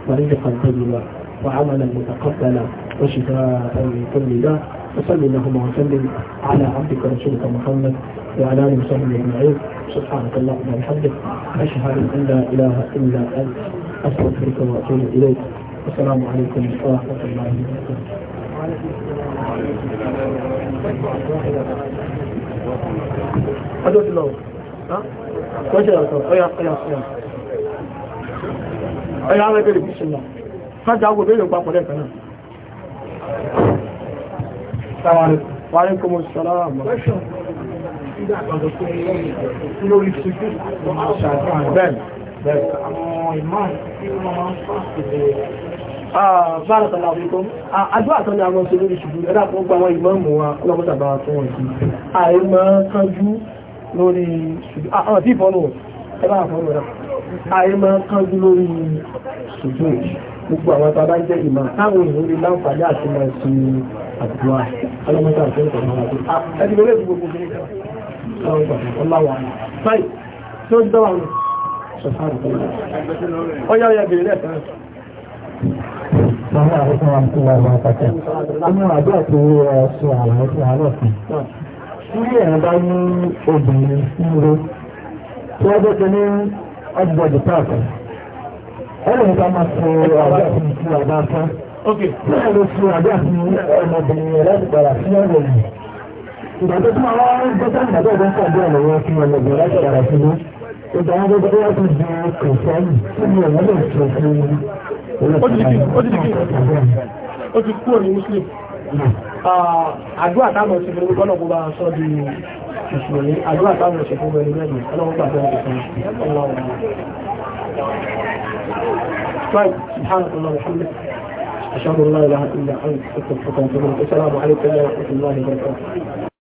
Speaker 1: ورزقا طيبا وعملا متقبلا وشفاء من كل داء وصل اللهم وسلم على عبدك رسولك محمد وعلى اله وصحبه اجمعين سبحانك اللهم وبحمدك اشهد ان لا اله الا انت استغفرك واتوب اليك السلام عليكم ورحمه الله
Speaker 2: وبركاته. ọjọ́ ti lọ kọ́ ṣe ọ̀tọ̀ ọya ọya ọya
Speaker 1: ọya àwọn ẹgbẹ̀rẹ̀ bí ṣe lọ kájá ogun bèèrè papọ̀ lẹ́ẹ̀kan náà sáwọn wáyé kọmọ sọ́lá àmọ́ lórí ṣojú bẹ́ẹ̀ bẹ́ẹ̀ àwọn ìmáà tí wọ́n máa ń fà bára tàbí àfikún àdúrà tán ni àwọn ṣe lórí ṣùgbù ẹ̀dà fún gbà wọn ìmọ̀ọ̀mù wa ọlọ́mọ́sàbà fún wọn sí ààrẹ máa kánjú lórí ṣùgbù àwọn tí ìfọ́nù ẹ̀dà àfọ́nù rẹ̀ ààrẹ máa kánjú lórí ṣùgbù gbogbo àwọn tó bá jẹ́ ìmọ̀ táwọn èèyàn lè láǹfààní àti máa ṣe àdúrà ọlọ́mọ́sàbà fún wọn sí àdúrà ẹ̀
Speaker 2: Mọ̀lá àríkún wa ti wọ́n wọ́n pàtẹ́. Inú àjọ àti ṣe àlàyé ti àárọ̀ fún. Ilé ẹ̀rọ bá ní obìnrin nílé tí wọ́n jẹ́ ní ọgbọ̀dì páàkì. Ẹ lè nípa máa ṣe àjọ àti ìṣe àbá fún. Bẹ́ẹ̀ ló ṣe àjọ àti ọmọbìnrin láti gbàrà sí ọ̀rọ̀ yìí. Ìgbàgbọ́ tí wọ́n wá ń gbé sáà ìgbàgbọ́ ìgbàgbọ́ ìgbàgbọ́ ìgbàgbọ́ ìgbàgbọ́ ìdáwọn gbogbo tó wá ti di kìrìsìtẹ́nì tí mi ò wọ́n lè ṣe fún mi. ó ti di ó ti di ó
Speaker 1: ti kúrò ní muslim. àdúrà táwọn ti fún mi kọ́nà kó bá a sọ di ìṣòro àdúrà táwọn ti fún mi lẹ́yìn ọlọ́run gbà bẹ́ẹ̀ nìkan ọlọ́run.
Speaker 2: طيب سبحانك اللهم وبحمدك أشهد أن لا إله إلا أنت أستغفرك وأتوب إليك السلام عليكم ورحمة الله وبركاته